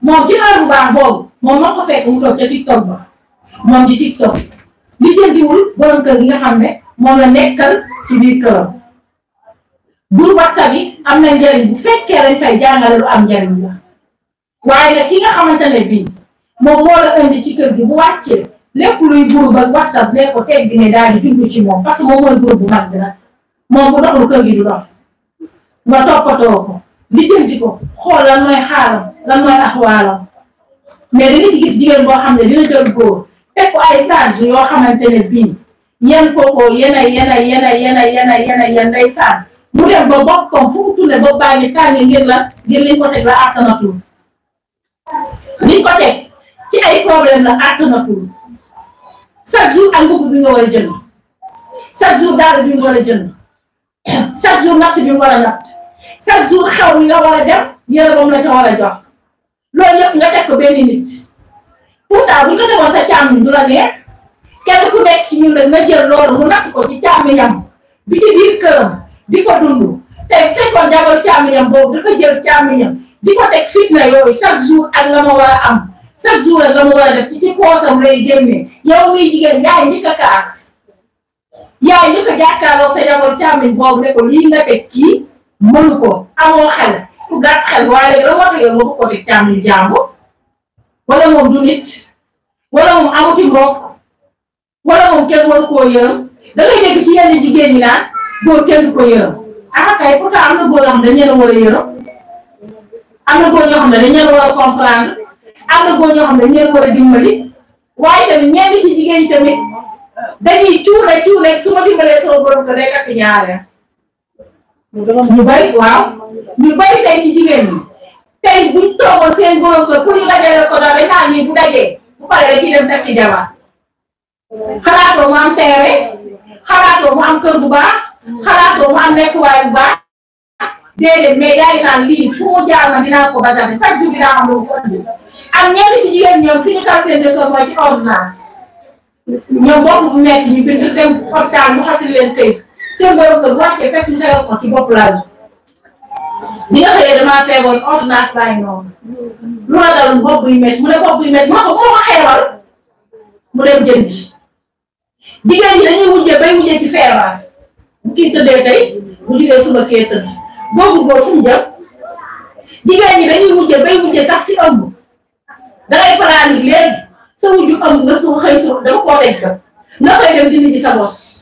moom ci heure bu baax boobu moom moo ko fekk mu toog ca tiktok ba moom di tiktok li jëndiwul borom kër gi nga xam ne moom la nekkal ci biir këram. groupe WhatsApp bi am na njëriñ bu fekkee lañ fay jàngale lu am njëriñ la waaye nag ki nga xamante ne bii moom moo la indi ci kër gi bu wàccee lépp luy groupe ak WhatsApp ne ko ne daal di jublu ci moom parce que moom mooy groupe bu mag bi nag gi du nga toppatoo ko li jënti ko xool lan mooy xaalam lan mooy axwaalam mais da nga ci gis jigéen boo xam ne dina jël góor teg ko ay charge yoo xamante ne bii yan kookoo yena yena yena yena yena yena yen day saan mu dem ba boppam fu mu tunne ba bàyyi tànge ngir la ngir liñ ko teg la àttanatul liñ ko teg ci ay problème la àttanatul chaque jour ak mbubb bi nga war a jënd chaque jour bi nga war a jënd chaque jour bi nga war a chaque jour xew nga war a dem yërëbam la ca war a jox loolu yëpp nga teg ko benn nit pourtant bu ñu ko demoon sa càmmiñ du la neex kenn ku nekk ci ñun nag nga jël loolu mu natt ko ci càmmiñam bi ci biir këram di fa dund tey bu fekkoon jabaru càmmiñam boobu dafa jël càmmiñam di ko teg fitna yooyu chaque jour ak la ma war a am chaque jour ak la ma war a def ci ci poosam lay génne yow muy jigéen yaay njëkk a kaas yaay njëkk a jàkkaarloo sa jabaru càmmiñ boobu ne ko mënu ko amoo xel ku gàtt xel waaye léegi la moo tax yow nga ko teg càmmiñ jàmbu wala moom du nit wala moom amuti mbokk wala moom kenn waru koo yërëm da ngay ci yenn jigéen ñi naan góor kenn du ko yërëm ah kay pourtant am na góor yoo xam ne dañu war a yërëm am na góor ñoo xam ne dañu war a comprendre am na góor ñoo xam ne dañu war a dimbali waaye tamit ñenn ci jigéen tamit dañuy cuur rek cuur rek su ma dimbalee sama borom kër rek ak ñaareel. ñu bëri waaw ñu bëri tey ci jigéen ñi tey buñ toogoon seen góor kër pour ñu dajale ko daal dañ naan lii bu dajee bu paree da ciy dem takki jabar xalaatoo mu am teere xalaatoo mu am kër bu baax xalaatoo mu am nekkuwaay bu baax déedéet mais yaa ngi naan lii fu mu jaar ma dinaa ko basane chaque jour dinaa am lu ko andi ak ñenn ci jigéen ñoom fi ñu taal seen dëkk mooy ci ordonnance ñoom bopp bu metti ñu bind dem hôpital mu xasil leen tëy seen borom kër bu wàccee fekk ñu xewal ko ci bopp laa bi bi nga xëyee damaa feegoon ordonnance baa ngi noonu lu ma daloon bopp buy métti mu ne bopp buy métti moo ko moo ko xeewal mu dem jënd jigéen ñi dañuy wujjee bay wujjee ci feebar bu kii tëddee tey bu jigéen suba kee tëdd googu góor fu mu jëm jigéen ñi dañuy wujjee bay wujjee sax ci ëmb dangay paraani léegi sa wujju ëmb nga su xëy su dama koo denc nga xëy dem dindi ci sa bos.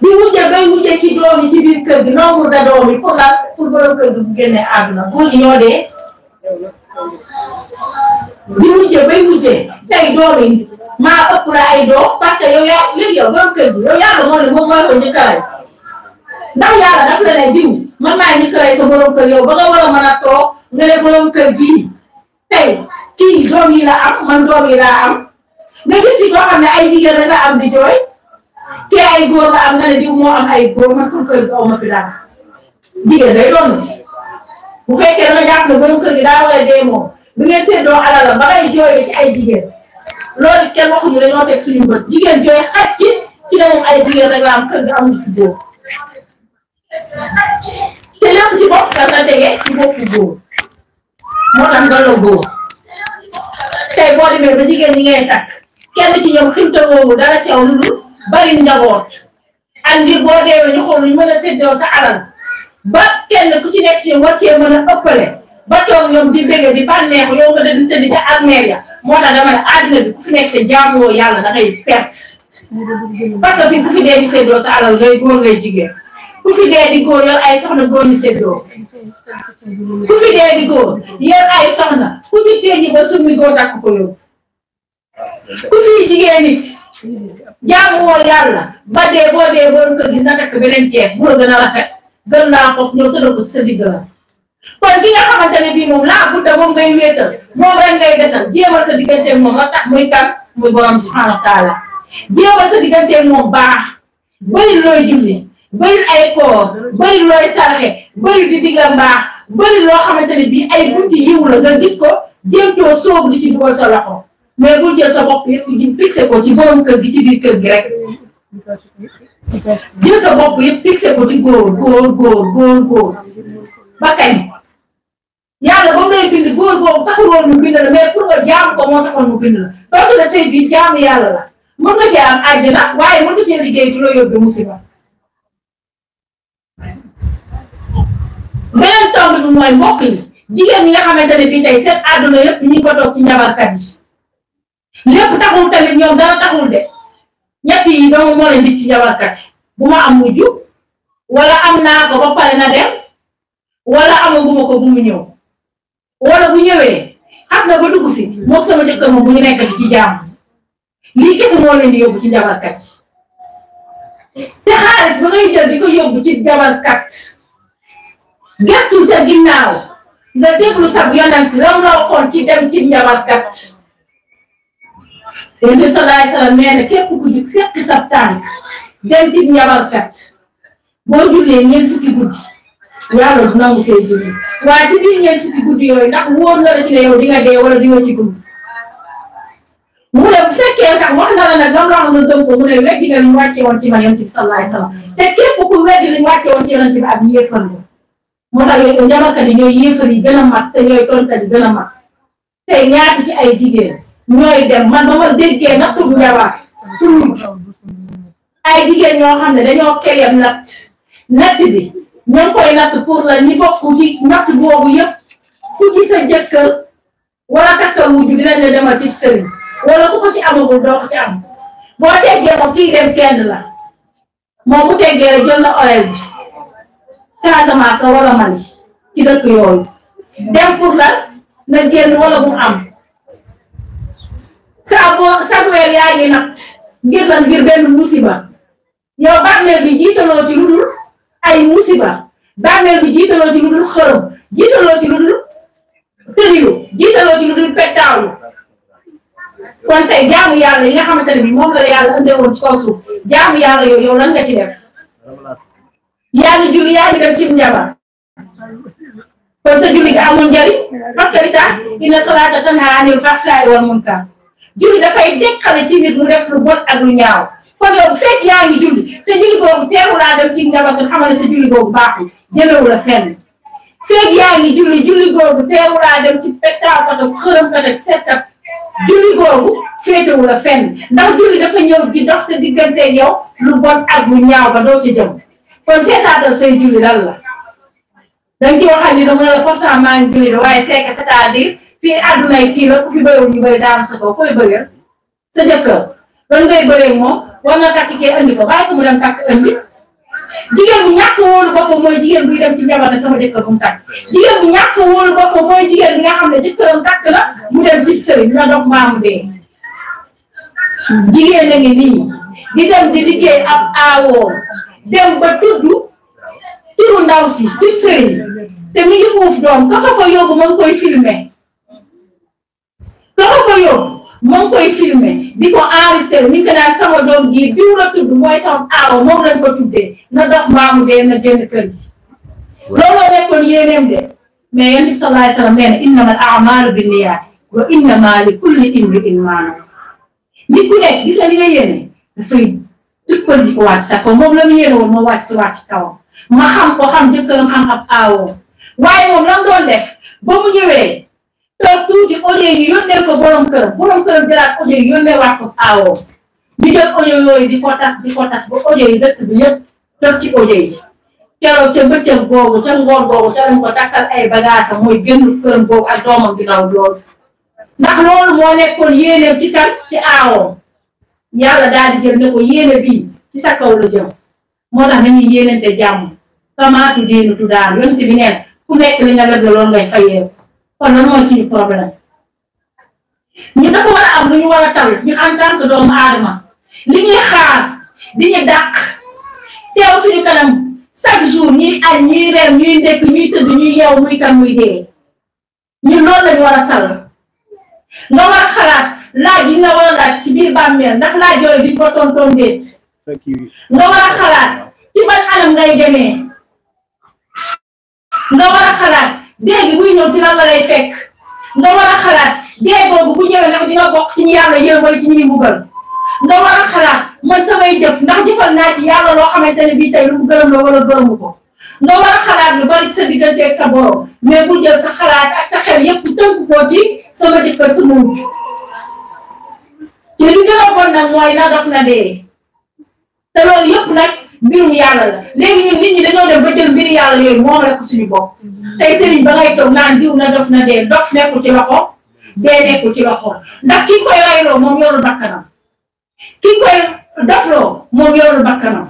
di wujje bay wujje ci doom ci biir kër gi nangu da doom yi la pour borom kër gi bu génnee àdduna góor ñoo dee di wujje bay wujje tey doom maa ëpp la ay doom parce yaa léegi yow gi yow yàlla moo ne moom mooy ko njëkk a rey ndax yàlla daf ne diw man maa njëkk a sa borom kër yow ba nga war a mën a toog nga ne kër gii tey kii doom yi am man doom yi am nga gis si koo xam ne ay jigéen rek la am di jooy te ay góor la am nga ne diw moo am ay góor man kër bu fekkee da nga jàpp ne borom kër gi daa war a dee moom bi ngeen séddoo alal la ba ngay ci ay jigéen loolu kenn waxuñu dañoo teg suñu bët jigéen jooy xaj ci ci ay jigéen rek la am kër gi amul ci góor te lépp ci bopp kan la tege ci góor moo tax nga góor tey boo ba jigéen ñi ngay takk kenn ci ñoom xim te woowu dara ceew lu bari njaboot ak ngir boo deewee ñu xool ñu mën a séddoo sa alal ba kenn ku ci nekk ci war cee mën a ëppale ba toog ñoom di bëgge di bànneex yow nga di tëdd ca armeel ya moo tax dama ne àddina bi ku fi nekk te jaamoo yàlla da ngay perte parce que fi ku fi dee di séddoo sa alal ngay góor ngay jigéen ku fi dee di góor yor ay soxna góor ni séddoo ku fi dee di góor yor ay soxna ku fi dee ñi ba summi góor takk ko yow ku fi jigéen jaamu woo yàlla ba dee boo dee borom kër gi na nekk beneen jeeg bu la gën a rafet gën laa xob ñoo tëral sa digg kon ki nga xamante ne bii moom laa budda moom ngay wéetal moom rek ngay desal jéemal sa digganteeg moom la tax muy kan muy borom subhanahu wa taala jéemal sa digganteeg moom baax bëri looy julli bëri ay koor bëri looy sarxe bëri di digla mbaax bëri loo xamante ne bii ay bunti yiw la nga gis ko jéem coo sóobu di ci dugal sa laxo mais bul jël sa bopp yëpp ko ci booru kër gi ci biir kër gi rek jël sa bopp yëpp fixé ko ci góor góor góor góor góor ba kañ yàlla ba mu lay bind góor góor taxuloon la mais pour nga jaam ko moo taxoon mu bind la donc la sëy bi jaamu yàlla la mën nga cee am àjjana waaye mën nga cee liggéey du la yóbbu musiba beneen tomb bi mooy mbokk yi jigéen ñi nga xamante ne bii tey seen àdduna yëpp ñi ko toog ci njabarkat yi lepp taxul tamit ñoom dara taxul de ñetti yi dong mo leen di ci kat bu ma am muju wala am naa ko ba pare na dem wala amaguma ko bu mu ñëw wala bu ñëwee xas na ba dugg si moog sama jëkkër moom bu ñu nekk ci jaam lii kese moo leen di yóbbu ci jabarkat te xaalis ba ngay jël di ko yóbbu ci kat gestu ca ginnaaw nga déglu sab yonent lam la waxoon ci dem ci kat yonent bi salaay salaam nee na képp ku jug seqi sab tànk dem ci njabarkat boo jullee ñeent fukki guddi yàlla du nangu see julli waaye ci biir ñeent guddi yooyu ndax wóor na la ci ne dee wala di nga ci bu fekkee sax wax na la nag dam na nga gëm ko mu ne weddi nga li ñu wàcce woon ci man yonent bi salaay salaam te képp ku weddi li ñu wàcce woon ci yonent bi ab yéefar la moo tax yow njabarkat yi ñooy yéefar yi gën a mat te ñooy tonkat yi gën a mat tey ñaata ci ay jigéen ñooy dem man ba ma déggee nag tub njabar turuj ay jigéen ñoo xam ne dañoo kelem natt natt bi ñu ngi koy natt pour la ñi bokk ci natt boobu yëpp ku ci sa jëkkër wala takka wujju dinañ la demal ci sëriñ wala ku ko ci amagul doo ko ci boo déggee moom kii dem kenn la moom bu déggee rek jël na oil bi Casamance la wala Mali ci dëkk yooyu dem pour la na génn wala bu am saa boo chaque weer yaa ngi natt ngir lan ngir benn musiba yow bàmmeel bi jiitaloo ci lu dul ay musiba bàmmeel bi jiitaloo ci lu dul xërëm jiitaloo ci lu dul tërilu jiitaloo ci lu dul pettaawlu kon tey jamu yàlla yi nga xamante ne bi moom la yàlla ëndee woon ci kaw suuf jaamu yàlla yooyu yow lan nga ci def yaa julli yaa dem kon sa julli ga parce que inna tanha anil wal munkar julli dafay dekkale ci nit mu def lu bon ak lu ñaaw kon yow fekk yaa ngi julli te julli googu teeru laa dem ci njaboot nga xamal ne sa julli yaa ngi julli julli googu teeru laa dem ci pettaakat ak xërëmkat ak settat julli googu féetewu ndax julli dafa ñëw di dox sa digganteeg yow lu bon ak lu ñaaw ba doo ca jëm kon seetaatal say julli lan la danga ci waxal ni dama ne la pourtant maa ngi julli de waaye c'est que cest fii àddunay kii la ku fi bëriwul ñu bëri daanu sa kaw koy bëreel sa jëkkër lan ngay bëree moom war na takk kee andi ko bàyyi ko mu dem takk andi jigéen bu ñàkk wóolu boppam mooy jigéen buy dem ci njabar ne sama jëkkër bu mu takk jigéen bu ñàkk wóolu boppam mooy jigéen bi nga xam ne jëkkëram takk la mu dem ci sëriñ la dof maamu dee jigéen a ngi nii di dem di liggéey ab aawoo dem ba tudd turu ndaw si ci sëriñ te mi ngi uuf doom ka ko fa yóbbu ma ngi koy filmer ka ko fa yóbbu moo ni ko naan sama doom ji diw la tudd mooy sama aaw moom lañ ko tuddee na dof mbaamu dee na génn kër na innamal a'maalu li kulli imri'in maa nawaa nit ku nekk gis nga li nga yéene dafay dëppal di ko wàcc sax la mu yéene woon ma wàcc si wàcc kawam ma xam ko xam jëkkëram xam ab aawoo waaye moom lan doon def ba mu toog tuuti audio yi yónnee ko borom këram borom këram jëlaat audio yi yónnee waat ko di ko tas di ko tas ba audio yi dëkk bi yëpp toog ci audio yi keroog ca googu ca ngoor googu ca lañ ko takkal ay bagaasam mooy génn kër googu ak doomam bi ndaw loolu ndax loolu moo nekkoon yéeneem ci kan ci aawoo yàlla daal di jël ko yéene bii ci sa la jëm moo tax nañuy yéenente jàmm kamaatu diinu tu daan yonte bi ku nekk li nga lëg loolu ngay fayeeku kon lan mooy problème ñu dafa war a am lu ñu war a tawit doomu aadama li ñuy xaar di ñu dàq teew suñu kanam chaque jour ñuy añ ñuy reer ñuy ndekk ñuy tëdd ñuy yeew muy kan muy dee ñun loolu lañu war tal nga war xalaat laaj yi nga war laaj ci biir bàmmeel ndax laaj yooyu di ko tontoon déet nga war a xalaat ci ban anam ngay demee nga war a xalaat dee gi buy ci lan la lay fekk nga war a xalaat dee boobu bu ñëwee ndax dina bokk ci ñu yàlla yërëm wala ci ñu mbugal nga war a xalaat man samay jëf ndax jëfal naa yàlla loo xamante ne bii tey lu mu gërëm la wala gërëmu nga war a xalaat lu bari sa diggante ak sa borom mais bu sa xalaat ak sa xel yépp tënk koo ci sama jëkkër su ma wut ci li gën a bon nag mooy na daf na dee te loolu yépp nag. mbirum yàlla la léegi ñun nit ñi dañoo dem ba jël mbiru yàlla yooyu moom rek suñu bopp mm-hmm. tey sëriñ ba ngay toog naan diw na dof na dee dof nekkul ci loxo dee nekkul ci loxo ndax ki koy rayloo moom yorul bakkanam ki koy dofloo moom yorul bakkanam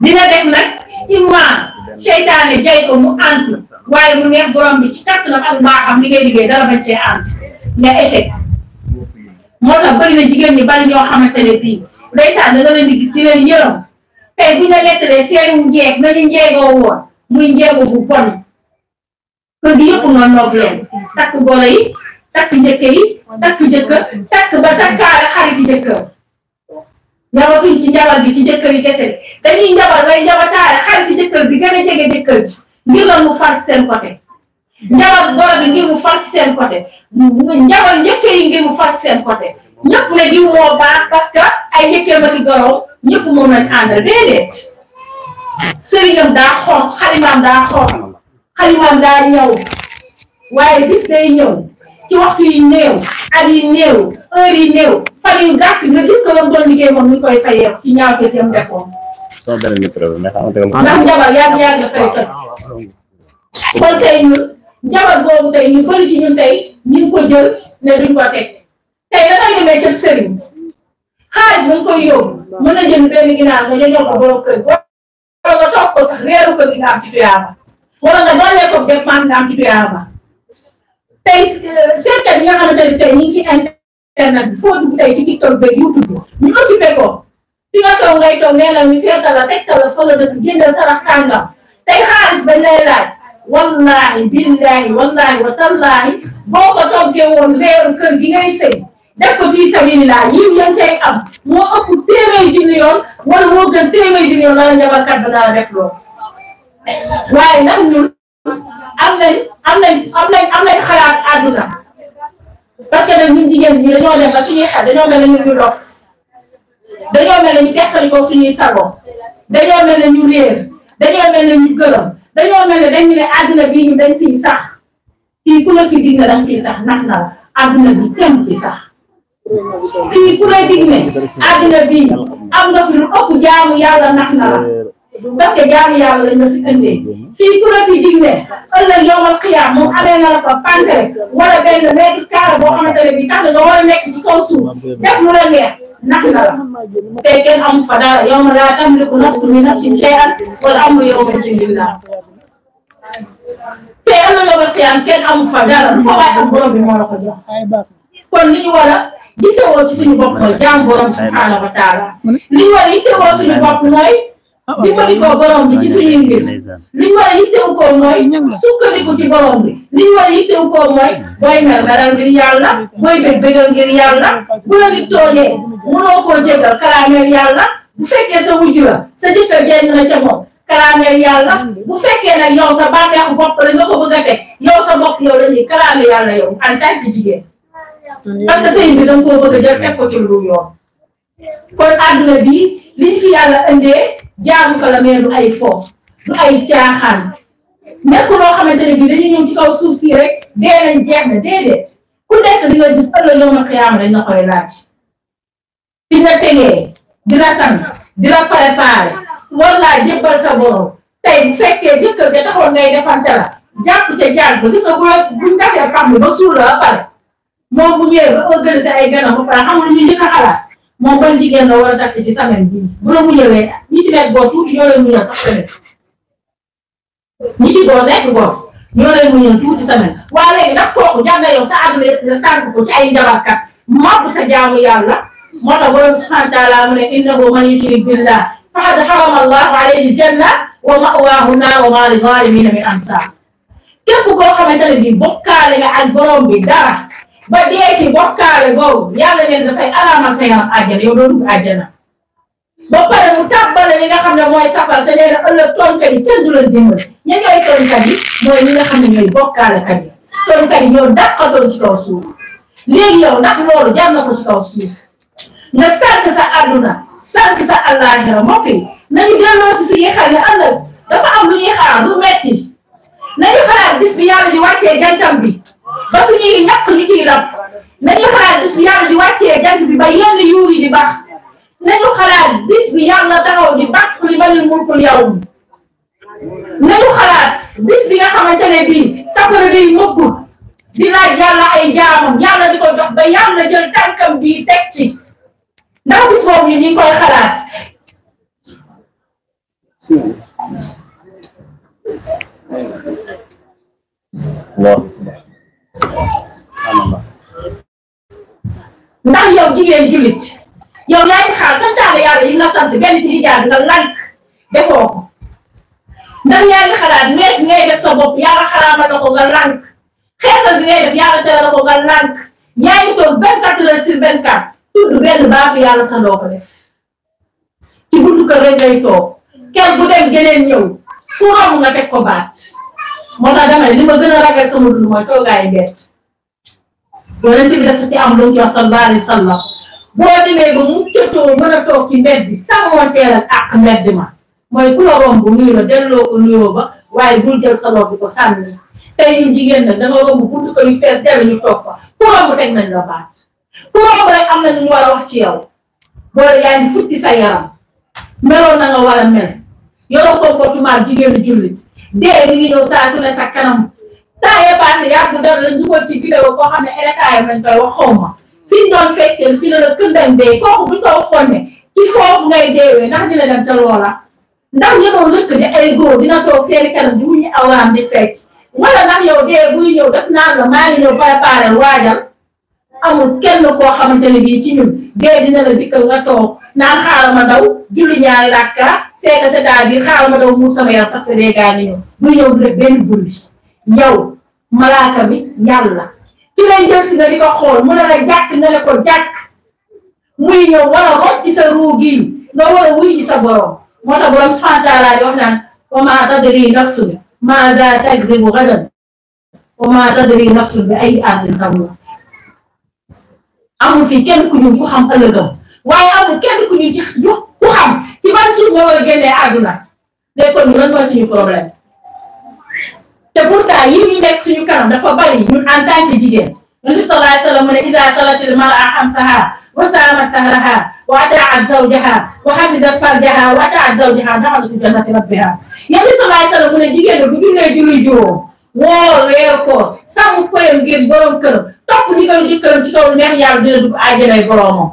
dina def nag imma seytaane jay ko mu ànd waaye mu neex borom bi ci kattanam ak mbaaxam li ngay liggéey dara bañ cee ànd nga échec moo tax bëri na jigéen ñi bari ñoo xamante ne bii ndeysaan da nga leen di gis te bu ñu la nettalee seenu njeeg na ñu njeegoo woon muy njeego bu bon kër gi yëpp nga noog leen takk golo yi takk njëkk yi takk jëkkër takk ba takkaale xariti jëkkër ci njabar gi ci jëkkër yi kese bi dañuy njabar lay njabataale xariti jëkkër bi gën a jege jëkkër ji ngir la mu seen côté njabar golo bi ngir mu far seen côté njabar njëkk ngir mu far seen côté ñëpp ne diw moo baax parce que ay njëkkee ma ki goroom ñëpp moom nañ àndal déedéet sëriñam daa xonq xalimaam daa xonq xalimaam daa ñëw waaye bis day ñëw ci waxtu yi néew at yi néew heure yi néew fan yu gàtt nga liggéey moom ñu koy fayee ci ñaaw te jëm defoon ndax njabar yàgg yàgg la fay tëdd kon ñu njabar boobu tey ñu bëri ci ñun tey ñu ngi ne duñ ko tey dafay demee jël sëriñ xaalis ba nga koy yóbbu mën na jënd benn ginaar nga joñol ko borom kër wala nga toog ko sax reeru kër gi nga am ci tuyaaba wala nga doolee ko dépense nga am ci tuyaaba tey euh, seetkat yi nga xamante ne tey ñu ngi ci internet bi foo dugg tey ci TikTok ba YouTube ñu occupé ko fi nga toog ngay toog nee na mi seetal la tegtal la fa la dëkk génneel sarax sàngam tey xaalis bañ lay laaj wallahi billahi wallahi wa tallahi boo ko toggee woon leeru kër gi ngay sëy def ko fii sabilillah yiw yan cay am moo ëpp téeméeri junni yoon wala am nañ am nañ am nañ am nañ dañoo dem ba suñuy xel dañoo mel ne ñun ñu lof dañoo mel ne ñu teqali dañoo mel ne ñu réer dañoo mel ne ñu gërëm dañoo mel ne ñu dañ fiy sax kii ku la fi dig na danga sax nax na la bi kenn fi sax fii ku lay dig ne àddina bii am nga fi lu ëpp jaamu yàlla nax na la parce que jaamu yàlla lañ la fi indee fii ku la fi dig ne ëllëg yowmal xiyaam moom amee na la fa pantere wala benn mètre carré boo xamante ne bii tax na nga war a nekk ci kaw suuf def lu la neex nax na la te kenn amu fa dara yowma laa tamliku nafsun li nafsin shay'an wal amru yowma lillah te ëllëg yowmal xiyaam kenn amu fa dara lu fa waay am borom bi moo la ko jox kon li ñu war a yittewoo ci suñu bopp mooy jaam borom subhaanahu wa taala li ñu war a yittewoo suñu bopp mooy dimbandikoo borom bi ci suñuy mbir li ñu war a yittewu koo mooy sukkandiku ci borom bi li ñu war a yittewu koo mooy booy mer meral ngir yàlla booy bëgg bëggal ngir yàlla bu la nit tooñee mënoo koo jéggal kalaameel yàlla bu fekkee sa wujj la sa jëkkër jenn na ca moom kalaameel yàlla bu fekkee nag yow sa bànneexu bopp la nga ko bëgg a teg sa bopp yow la ñuy kalaame yàlla parce que sëy bi da nga koo bëgg a jël teg ko ci lu yoon kon àdduna bi liñ fi yàlla indee jaamu ko la du ay fo du ay caaxaan nekk loo xamante ne bii dañuy ñëw ci kaw suuf si rek dee nañ jeex na déedéet ku nekk di nga jëf ëllëg yow ma xiyaama dañ la koy laaj di nga tegee di la sant di la préparé loolu laa jébbal fekkee jëkkër ga taxoon ngay defante la jàpp ca jaar ba gis nga bu la buñ gasee pax ba suur la ba pare moom bu ñëwee ba organiser ay ganam ba pare xamul ñu njëkk a xalaat moom ban jigéen la war a takk ci semaine bi bu la mu ñëwee ñi ci nekk góor tuuti ñoo leen mu ñëw sax semaine ñi ci góor nekk góor ñoo leen mu ñëw tuuti semaine waaye léegi ndax kooku jàpp na yow sa àdduna yëpp nga sànq ko ci ay njabarkat màpp sa jaamu yàlla moo tax borom subhanahu taala mu ne innahu man yushrik billah faqad harama allahu alayhi aljanna wa ma'waahu naar wa maa li zaalimiina min ansaar képp koo xamante ne bi bokkaale nga ak borom bi dara ba dee ci bokkaale googu yàlla neen dafay araamal sa yaram àjjana yow doo dugg àjjana ba pare mu tàbbale li nga xam ne mooy safara te nee na ëllëg tooñkat yi kenn du leen dimbali ña ñooy tooñkat yi ci kaw suuf léegi yow ndax loolu jar na ko ci kaw suuf nga sànq sa àdduna sànq sa àllaaxira mbokk yi nañu delloo si suñuy ne ëllëg dafa am lu ñuy xaar metti nañu xalaat bis bi yàlla di wàccee jantam bi ba suñuy ñàkk ñu ciy rab nañu xalaat bis bi yàlla di wàccee jant bi ba yenn yuur yi di baax nañu xalaat bis bi yàlla taxaw di bàkk li ba leen mulkul yow nañu xalaat bis bi nga xamante ne bii safara day mëbb di laaj yàlla ay jaamam yàlla di ko jox ba yàlla jël tànkam bii teg ci ndax bis boobu ñu ngi koy xalaat. ndax yow jigéen jullit yow yaa ngi xaar santaane yàlla yi nga sant benn ci lijaar bi nga lànk defoo ko ndax yaa ngi xalaat mees bi ngay def sa bopp yàlla xaraamal na ko nga lànk xeesal bi ngay def yàlla tere na ko nga lànk yaa ngi benn baabu yàlla sa doo ko def ci buntu kër rek ngay toog kenn bu ku romb nga teg baat moo tax dama ne li gën a ragal sama dund mooy toogaayu mbett yonent bi dafa ci am lu mu a wax sallallahu alayhi wa sallam boo demee ba mu jotoo mën a toog ci mbedd bi sàmmoonteel ak àq mbedd ma mooy ku loo romb nuyu la delloo ko nuyoo ba waaye bul jël sa bopp ko sànni tey ñun jigéen nag da nga romb buntu ko yu fees dell ñu toog fa ku romb teg nañ la baat ku romb rek am na ñu war a wax ci yow boole yaa ngi futti sa yaram meloon na nga war a mel yoroo comportement jigéenu jullit dee mi ngi ñëw saa su ne sa kanam. temps yee passé yàgg dara la dugal ci vidéo koo xam ne élétaayam lañ koy wax xaw ma fi ñu doon fekkeel ci la la këndam dee kooku buñ ko waxoon ne ci foofu ngay deewee ndax dina dem ca loola ndax ñu doon di ay góor dina toog seeni kanam di wuñu awraam di fecc wala ndax yow dee buy ñëw def naan la maa ngi ñëw préparé waajal amul kenn koo xamante ne bii ci ñun dee dina la dikkal nga toog naan xaaral ma daw julli ñaari rakka seeka se à dire xaaral ma daw muur sama yaram que dee gaañu ñëw bi yow malaaka bi yàlla ki lay jël si nga di ko mu ne la jàkk nga ne ko jàkk muy ñëw war sa ruu gi nga a wuy ji sa borom moo tax borom subhanahu wa taala di wax naan wa maa tadri nafsun maadaa taksibu gadan wa maa tadri nafsun bi ay ardin tamut amul fi kenn ku ñu ku xam ëllëgam waaye kenn ku ñu ci ku xam ci ban suuf nga war a génnee àdduna léegi kon lan mooy te pourtant yi ñu nekk suñu kanam dafa bari ñun en tant que jigéen nabi sallallahu alayhi wa sallam mu ne isa salatil mara xamsaha wa saamat sahraha wa ataat zawjaha wa xafisat farjaha wa ataat zawjaha daxalat jannati rabbiha nabi sallallahu alayhi wa sallam mu ne jigéen bu jullee julli juróom woo weer ko sàmm pëyam ngir borom kër topp ndigalu jëkkëram ci kaw neex yàlla dina dugg àjjanay boromam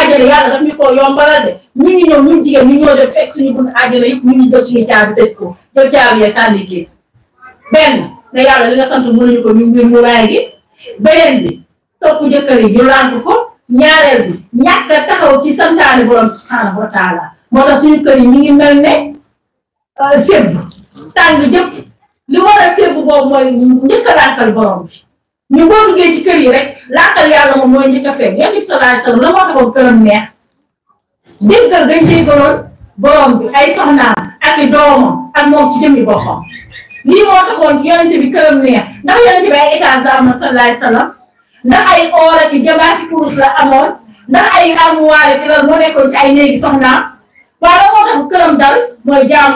àjjana yàlla daf ñu ko yombalal de ñun ñu ñëw ñun jigéen ñu ñoo def fekk suñu bun àjjana yëpp ñu ñu jël suñu caabi tëj ko jël caabi ya sànni benn ne yàlla li nga sant mënuñu ko ñu mbir mu raay gi beneen bi topp jëkkër yi ñu ko ñaareel bi ñàkk a taxaw ci santaane borom subhaanahu wa taala moo tax suñu kër yi ñu ngi mel ne euh, sébb tàng jëpp li war a sébb boobu mooy njëkk a lànkal borom bi ñu boo duggee ci kër yi rek lànkal yàlla moom mooy njëkk a feeñ yonent bi sallallahu alayhi wasallam la moo taxoon këram neex déggal gañ déggaloon borom bi ay soxnaam ak i doomam ak moom ci jëmmi boppam lii moo taxoon yonente bi këram neex ndax yonente bi ay étage la amoon sallallahu alayhi wasallam ndax ay oor ak jabaati kurus ay armoire ak lan nekkoon ci ay néegi soxnaam waaye la moo tax këram dal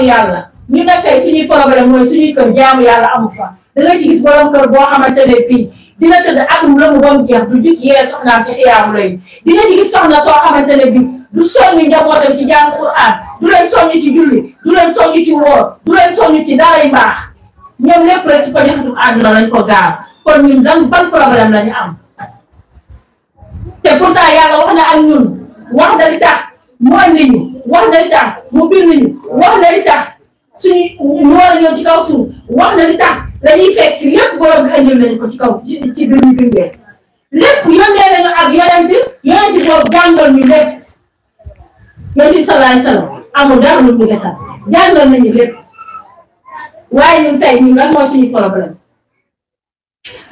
yàlla ñu nag tey suñuy problème mooy suñuy kër jaamu yàlla amu fa da nga ci gis borom ne fii dina tëdd atum mu bam jeex du jik yee soxnaam ci xiyaamu lay di nga ci gis soo xamante ne bi du soññu njabootam ci jàng Qur'an du leen soññu ci julli du leen soññu ci woor du leen soññu ci daray mbaax ñom lepp rek ci pajaxatum àdduna lañ ko gaar kon ñun dañ ban problème lañu am té pourtant yalla wax na ak ñun wax na li tax moy andi ñu wax na li tax mu bind ñu wax na li tax suñu ñu war a ci kaw suuf wax na li tax dañuy fekk lepp borom bi andil nañ ko ci kaw ci ci ñu bindee lépp yónnee lañu ak yonent yonent boobu gandal ñu lepp yonent bi salaay salaam amu dara lu ñu desal jangal nañu lepp waaye ñun tey ñun lan mooy suñu problème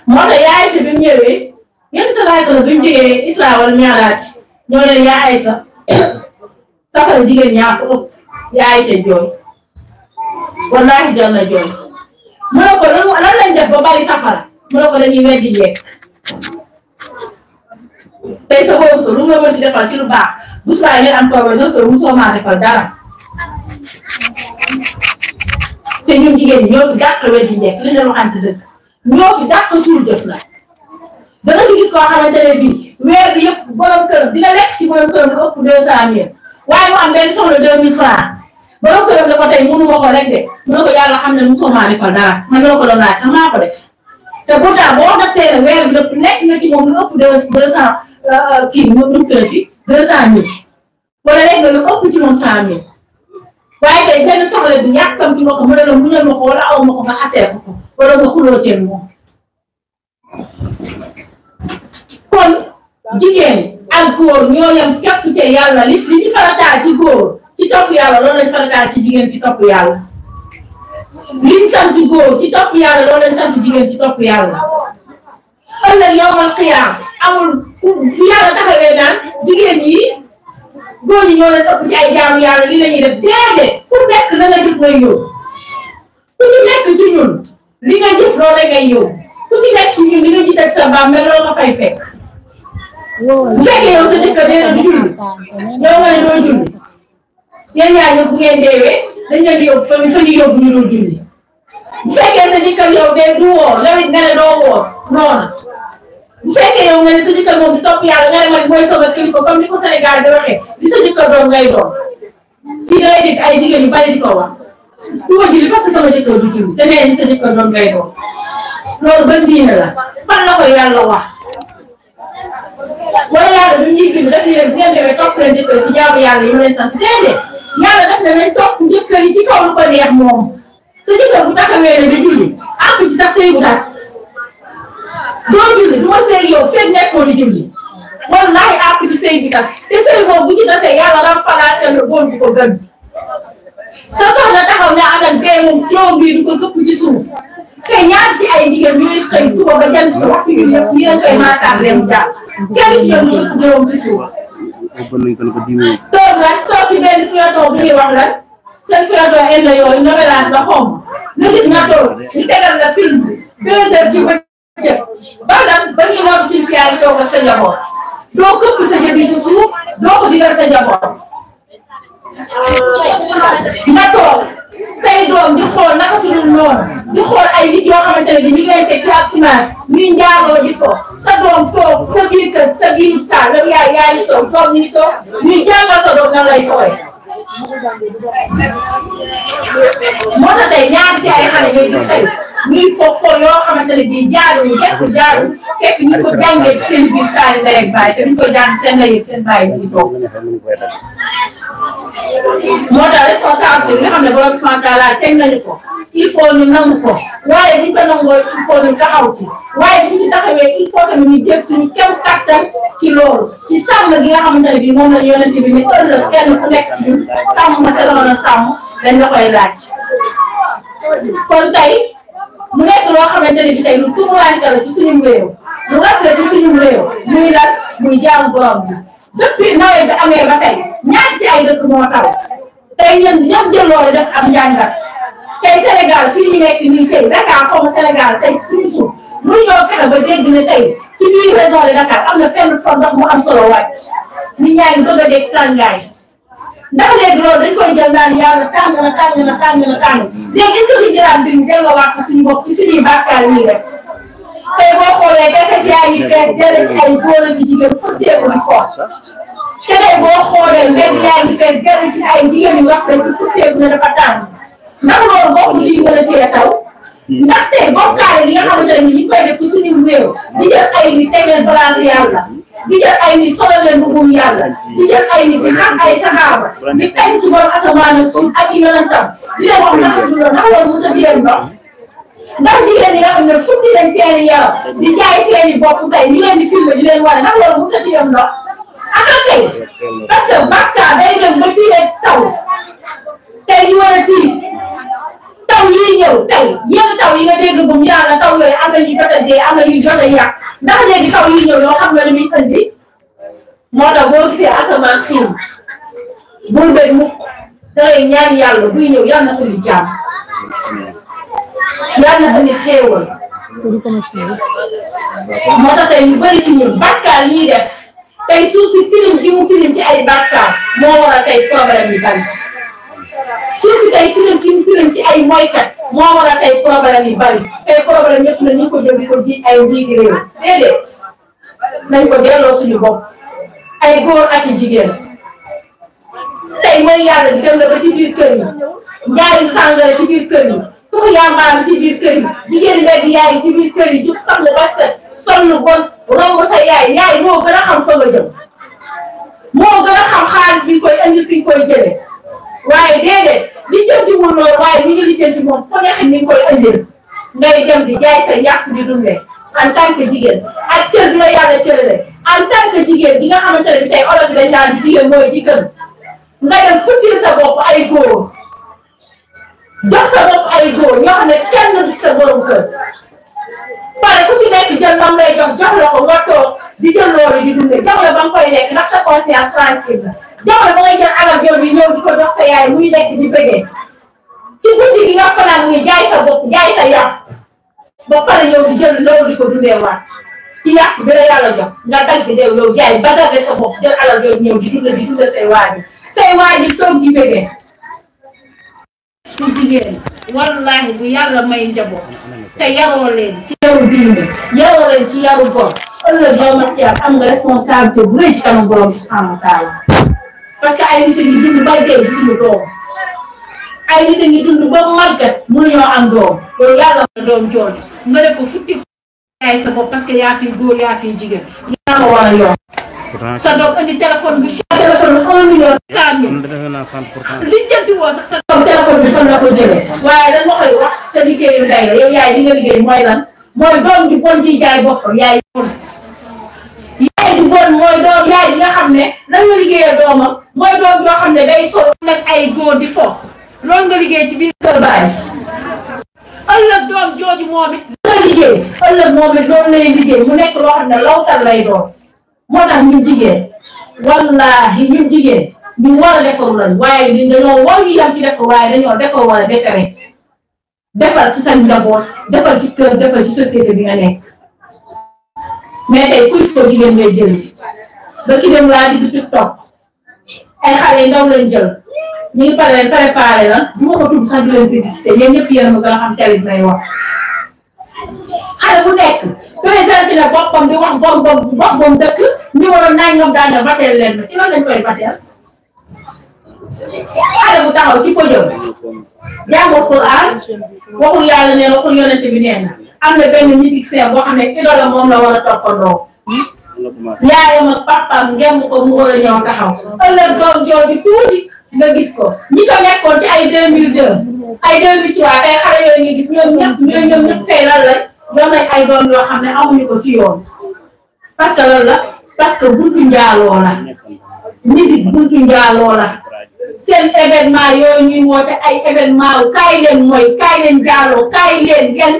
moo tax yaa Aysa bi mu ñëwee yenn sa laaj la bi mu jógee Isra wala Mi'raaj ñoo leen yaa Aysa safara jigéen ñaa ko ëpp yaa Aysa jooy wallaahi jot na jooy mu ne ko lan lan lañ def ba bari safara mu ne ko dañuy weddi jeeg tey sa boobu ko lu nga mën ci defal ci lu baax bu saa ngeen am problème nga ko musoo maa defal dara. mais ñun jigéen ñoo fi gàtt wet yi nekk li ñu waxante dëgg ñoo fi gàtt suul jëf la dana fi gis koo xamante ne bii weer bi yëpp borom kër dina lekk ci borom këram lu ëpp deux cent mille waaye mu am benn soxla deux mille francs borom këram la ko tey mënu ma ko rek de mëna ko yàlla xam ne mosoo maa defal dara man noo ko doon laaj sax maa ko def te pourtant boo nattee ne weer bi lépp nekk nga ci moom lu ëpp deux deux cent euh, euh, kii mu mu tuddati deux cent mille wala rek nga lu ëpp ci moom cent mille waaye tey benn soxla bi yàkkamti nga ko mën a mënal ma ko wala aw ma ko nga xasee ko wala nga xuloo ceeb moom kon jigéen ak góor ñoo yem képp ci yàlla li li ñu farataal ci góor ci topp yàlla loolu lañ farataal ci jigéen ci topp yàlla liñ sant góor ci topp yàlla loolu lañ sant jigéen ci topp yàlla ëllëg yowmal xiyaam amul ku fi yàlla taxawee naan jigéen ñi. góor ñi ñoo leen ëpp ci ay jaamu li la ñuy def déedéet ku nekk la nga jëf ngay yóbbu ku ci nekk ci ñun li nga jëf loolu ngay yóbbu ku ci nekk ci ñun li nga jiiteeg sa mbaam mel loolu nga fay fekk. bu fekkee yow sa jëkkër nee na du julli nga ne doo julli yéen yaa ñëpp bu ngeen deewee dañ leen di yóbbu fa ñu yóbbu ñu dul julli bu fekkee sa jëkkër yow dee du woor yow it nga ne doo woor noona bu fekkee yow nga ni sa jëkkër moom di topp yàlla nga ne man mooy sama kilifa comme ni ko Sénégal di waxee li sa jëkkër doom ngay doom fii da ngay dégg ay jigéen yu bari di ko wax du ma julli parce que sama jëkkër du julli te nee ni sa jëkkër doom ngay doom loolu ban diine la fan la ko yàlla wax wala yàlla du ñuy bind daf leen bu ngeen demee topp leen jëkkër ci jaamu yàlla yi mu leen sant déedéet yàlla daf ne nañ topp jëkkër yi ci kaw lu ko neex moom sa jëkkër bu taxawee ne di julli àpp ci sax sëy bu tas doo julli du ma sëy yow sëy nekkoo di julli wallaahi àpp ci bi tax te sëy boobu bu ci dasee yàlla remplacé na góor bi ko gën sa soxna taxaw ne ànd ak bee moom coow bii du ko këpp ci suuf te ñaar ci ay jigéen ñooy xëy suba ba jant si waxtu yu yëpp ñu leen koy maasaar leen daal kenn ci ñoom ñu gërëm ci suuf toog nag toog ci benn fiyato bu ñuy wax lan seen fiyato indi yooyu nga melaan nga xom nga gis nga toog ñu tegal la film bi deux heures ci bët jël ba lan ba ñu nootu ci siyaar yi sa njaboot doo këpp sa jëb yi ci suuf doo ko digal sa njaboot nga toog say doom di xool naka su noonu di xool ay nit yoo xamante ne ñu ngay di fo sa doom toog sa biir kër sa biiru saa yow yaay yaay ni toog toog ñu ni toog ñuy jàngal sa doom nan lay fooy moo tax tey ñaari ci xale ngay gis tey ñuy foofu foofu yoo xamante ne bii jaaruñu kenn jaaruñu fekk ñu ko jàngee ci seen biir saali ndey ak baay te ñu ko jàng seen ndey ak seen baay ñu ngi toog moo tax responsabilité bi nga xam ne borom subhanahu wa taala teg nañu ko il faut ñu nangu ko waaye bu ñu ko nangoo il faut ñu taxaw ci waaye bu ñu ci taxawee il faut tamit ñu jël suñu kem kattan ci loolu ci sàmm gi nga xamante ne bii moom la yonent bi ne ëllëg kenn ku nekk ci ñun ma te la mën a sàmm dañ la koy laaj kon mu nekk loo xamante ne bi tey lu tumurante la ci suñu réew lu rafet ci suñu réew muy lan muy jaamu borom bi depuis nawet bi amee ba tey ñaar ay dëkk moo taw tey ñun ñoom jël loolu def am njàngat tey Sénégal fii ñu nekk nii tey Dakar comme Sénégal tey suñu suuf muy ñoo fexe ba tey ci biir région de am na fenn solo wàcc nit ñaa ngi bëgg a dégg ndax léegi loolu dañ koy jël naan yàlla tàng na tàng na tàng na tàng léegi est-ce que duñ jëlaat mbir mi delloowaat ko suñu bopp ci suñuy bàkkaar yi rek tey boo xoolee béykat yaa ngi fees jëlee ci ay góor ak jigéen futteeku di foofu te tey boo xoolee mbedd yaa ngi fees jëlee ci ay jigéen yu wax rek ci futteeku ne dafa tàng ndax loolu bokk ci mën a téye taw ndaxte bokkaale li nga xamante ne ni ñu koy def ci suñu réew di jël ay ni tegeel place yàlla di jël ay nit solal leen bëggum yàlla di jël ay nit di xas ay saxaaba di añ ci borom asamaan ak suuf ak i yonentam di leen wax naka suñu la naka loolu mën a jigéen ndox ndax jigéen yi nga xam ne futti leen seeni yaram di jaay seeni bopp tey ñu leen di filmer di leen wane naka loolu mën a jigéen ndox aka tey parce que bàkkaar day dem taw tey ñu war a taw yii ñëw tey yenn taw yi nga dégg gum ñaar na taw yooyu am na ñuy jot a dee am na ñuy jot a yàq ndax léegi taw yii ñëw yoo xam nga li muy indi moo tax boo gisee asamaan siin bul béy mukk da ngay ñaan yàlla buy ñëw yàlla na indi jàmm yàlla na indi xéewal moo tax tey ñu bëri ci ñun bàkkaar yi ñuy def tey suuf si tilim gi mu tilim ci ay bàkkaar moo war a tey problème yi bari suuf si tey tiram ci ñu tiram ci ay moykat moo waral ay problème yi bari tey problème ñëpp ko jël ko ji ay njiiti réew déedéet nañ ko delloo suñu bopp ay góor ak i jigéen tey mooy yàlla di dem na ba ci biir kër yi njaayum sàngara ci biir kër yi tux yàmbaam ci biir kër yaay yi ci biir kër yi jug sann ba set romb sa yaay yaay moo gën a xam fa nga jëm moo gën a xam xaalis bi koy andi fi koy jëlee waaye déedéet li jënti wul loolu waaye ñu ngi li jënti moom ku ne xam ni nga koy andil ngay dem di jaay sa yàq di dundee en tant que jigéen ak cër bi la yàlla cërale en tant que jigéen di nga xamante ne bi tey olof bi dañ naan bi jigéen mooy jigéen nga dem fuddil sa bopp ay góor jox sa bopp ay góor ñoo xam ne kenn du sa borom kër pare ku ci nekk jël lam lay jox jox la ko nga toog di jël loolu di dundee jamono ba nga koy lekk ndax sa conscience tranquille la jabar ba ngay jël alal jooju ñëw di ko jox sa yaay muy lekk di bëggee ci guddi gi nga fanaan ni jaay sa bopp jaay sa yàq ba pare yow di jël loolu di ko dundee waat ci yàq bi la yàlla jox nga sa bopp jël alal jooju ñëw di dundal di dundal say waajur say waajur toog di bëggee bu jigéen wallaahi bu yàlla may njaboot te yaroo leen ci yaru diine yaroo leen ci yaru am nga responsabilité bu rëy ci kanam borom subhanahu parce que ay nit a ngi dund ba dee suñu doom ay nit a ngi dund ba màggat mënuñoo am doom loolu yàlla na doom jooju nga ne ko futti sa bopp parce que yaa fi góor yaa fi jigéen ñaa war a yoon sa doom indi téléphone bi cher téléphone un million cinq mille li jënti woo sax sa doom téléphone bi fan ko jëlee waaye dañ ma koy sa li nga liggéey mooy lan doom ju bon ciy jaay boppam yaay yaay ju bon mooy doom yaay bi nga xam ne lan nga liggéeyee doomam mooy doom yoo xam ne day sol ay góor di fo loolu nga liggéey ci biir kër baay ëllëg doom jooju moom it la liggéey ëllëg moom it loolu liggéey mu nekk loo xam ne lawtal lay doon moo tax ñu jigéen wallaahi ñun jigéen ñu war a defaru lan waaye ñun dañoo war ñu yam ci defar waaye dañoo defar war a ci sa njaboot defal ci kër defal ci société bi nga nekk mais tey kuy foo jigéen ngay jëlee ba ki dem laa digg TikTok ay xale yu ndaw lañ jël pare préparé la du ma ko tudd sax di leen publicité yéen ñëpp yéen a ma gën xam télé bi wax. xale bu nekk présenté la boppam di wax bom bom wax bom dëkk numéro nangam daanaka bateel leen ma ci lan lañ koy xale bu taxaw ci podium jàngoo Alxuraan waxul yàlla nee na waxul yonent bi am na benn musicien boo xam ne idola moom la war a toppandoo. yaayam ak papaam ngem ko mu war a ñëw taxaw. ëllëg doom jooju tuuti nga gis ko ñi ko nekkoon ci ay 2002 ay 2003 tey xale yooyu nga gis ñoom ñëpp ñooy ñoom ñëpp tey la doon nañ ay doom yoo xam ne amuñu ko ci yoon. parce que la parce que buntu njaaloo la musique buntu njaaloo la seen événement yooyu ñuy woote ay événement wu kaay leen mooy kaay leen njaaloo kaay leen ngeen.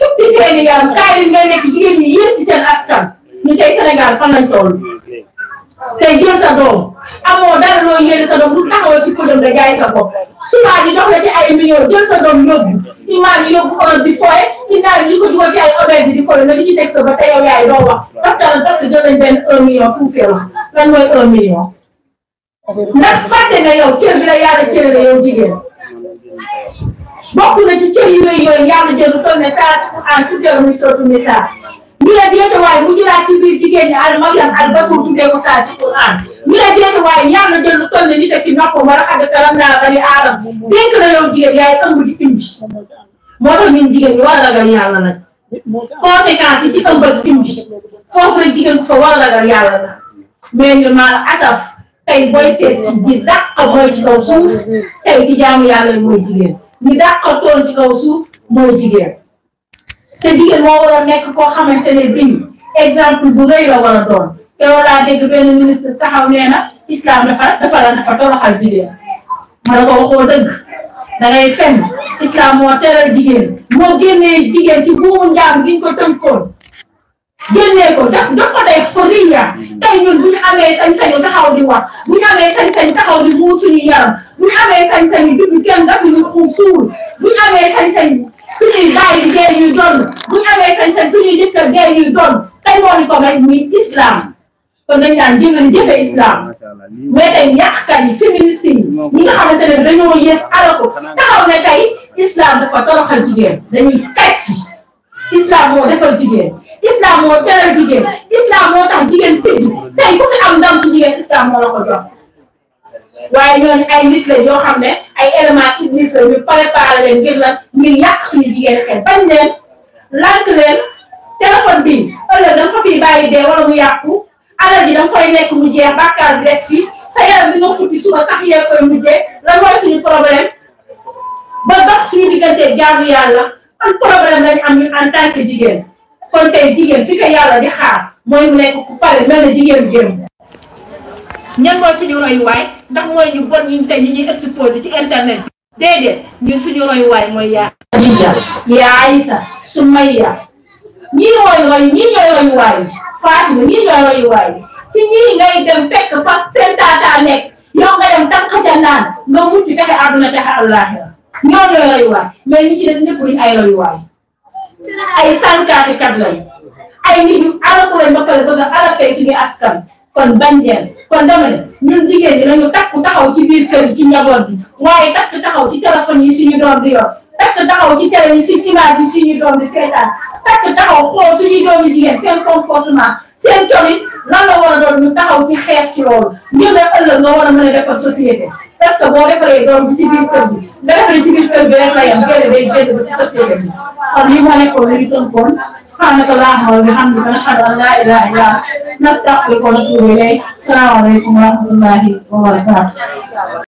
suppi seen i yaram kaay bi ngay nekk jigéen ñi yées ci seen askan ñu tey Sénégal fan lañ toll tey jël sa doom amoo dara loo yéene sa doom bu taxawal ci këram de jaay sa bopp subaa ji dox la ci ay millions jël sa doom yóbbu imaam yi yóbbu Europe di fooye ci naar yi ko dugal ci ay auberge di fooye nga di ci teg sa ba yow yaay doo wax parce que parce que jël nañ benn un million pour faire wax lan mooy un million yow cër bi la yàlla cërale yow jigéen bokk a ci cër yu rëy yooyu yàlla jël lu toll ne saa ci Quran tuddee muy sotu misaal ñu ne déete waaye mu jëlaat ci biir jigéen ñi al maryam al batur tuddee ko saa ci Quran ñu ne déete waaye yàlla jël lu ne nit a ci noppam war a xam ne karam naa bari aaram dénk la yow jigéen yaay ëmb di moo tax ñun jigéen ñi war a ragal yàlla nag conséquences yi ci ëmb jigéen ku fa war a ragal yàlla la mais ñun asaf tey booy seet ci biir dàq kaw suuf tey ci ñi dàqal toon ci kaw suuf mooy jigéen te jigéen moo war nekk koo xamante ne biñ exemple bu rëy la war doon te walaa dégg benn ministre taxaw nee na islam dafa dafa la dafa jigéen ma ne ko waxoo dëgg da ngay fenn islam moo teral jigéen moo génnee jigéen ci buumu njaam gi ñu ko tënkoon génnee ko daf dafa day xoriya tey ñun bu amee sañ-sañu taxaw di wax bu ñu amee sañ-sañ taxaw di muur suñu yaram bu ñu amee sañ-sañ yu jublu kenn dasuñu xum suul bu ñu amee sañ-sañ suñuy bàyyi dee ñuy doon bu ñu amee sañ-sañ suñuy jëkkër dee ñuy doon tey moo ñu ko may muy islam kon dañ daan jëngan jëfe islam mais tey yàqkat yi féministe yi ñi nga xamante ne dañoo yées alako taxaw ne tey islam dafa toroxal jigéen dañuy kàcc islam moo defal jigéen islam moo teral jigéen islam moo tax jigéen séddi tey ku fi am ndam ci jigéen islam moo la ko jox waaye ñooñu ay nit la yoo xam ne ay éléments iblis la ñu préparé leen ngir lan ngir yàq suñu jigéen xel bañ leen lànk leen téléphone bi ëllëg da ko fiy bàyyi dee a mu yàqu alal ji da nga koy lekk mu jeex bàkkaar fi sa yaram bi nga futti suba sax yee koy mujjee lan mooy suñu problème ba dox suñu diggante jaamu yàlla am problème lañ am ñun en jigéen kon tey jigéen fi ko yàlla di xaar mooy mu nekk ku pare mel na jigéenu démb ñan mo suñu way ndax moy ñu bon ñi tay ñi exposé ci internet bi déedéet ñun suñu royuwaay ya yaa Khadija ya, Aïssa Soumaïa ñii mooy roy ñoy roy way Fatima ñoy roy way ci ñi ngay dem fekk fa sen tata nek yow nga dem tànq xaja naan nga mucc pexe aduna pexe allah ñoo roy way mais ñi ci dess ñepp duñ ay way ay sankati kat lay ay nit yu alaku lay ba bëgg alakay suñu askan kon bañ jeen kon dama ne jigéen ñi nañu takk taxaw ci biir kër yi ci njaboot bi waaye takk taxaw ci téléphone yi suñu doom di taxaw ci télé yi suñu image yi suñu doom di seetaan takk taxaw xool suñuy doomi jigéen seen comportement seen colit lan la war a doon ñu taxaw ci xeex ci loolu ngir ne ëllëg nga war a mën a defar société parce que boo defaree doom bi ci biir kër bi nga defaree ci biir kër bi rek la yem génn day génn ba ci société bi kon li ma nekkoon li ñu tënkoon subhanaka allahumma wa bihamdika nashhadu an la ilaha illa anta nastaghfiruka wa natubu ilayk salaamaaleykum wa rahmatullahi wa barakatuh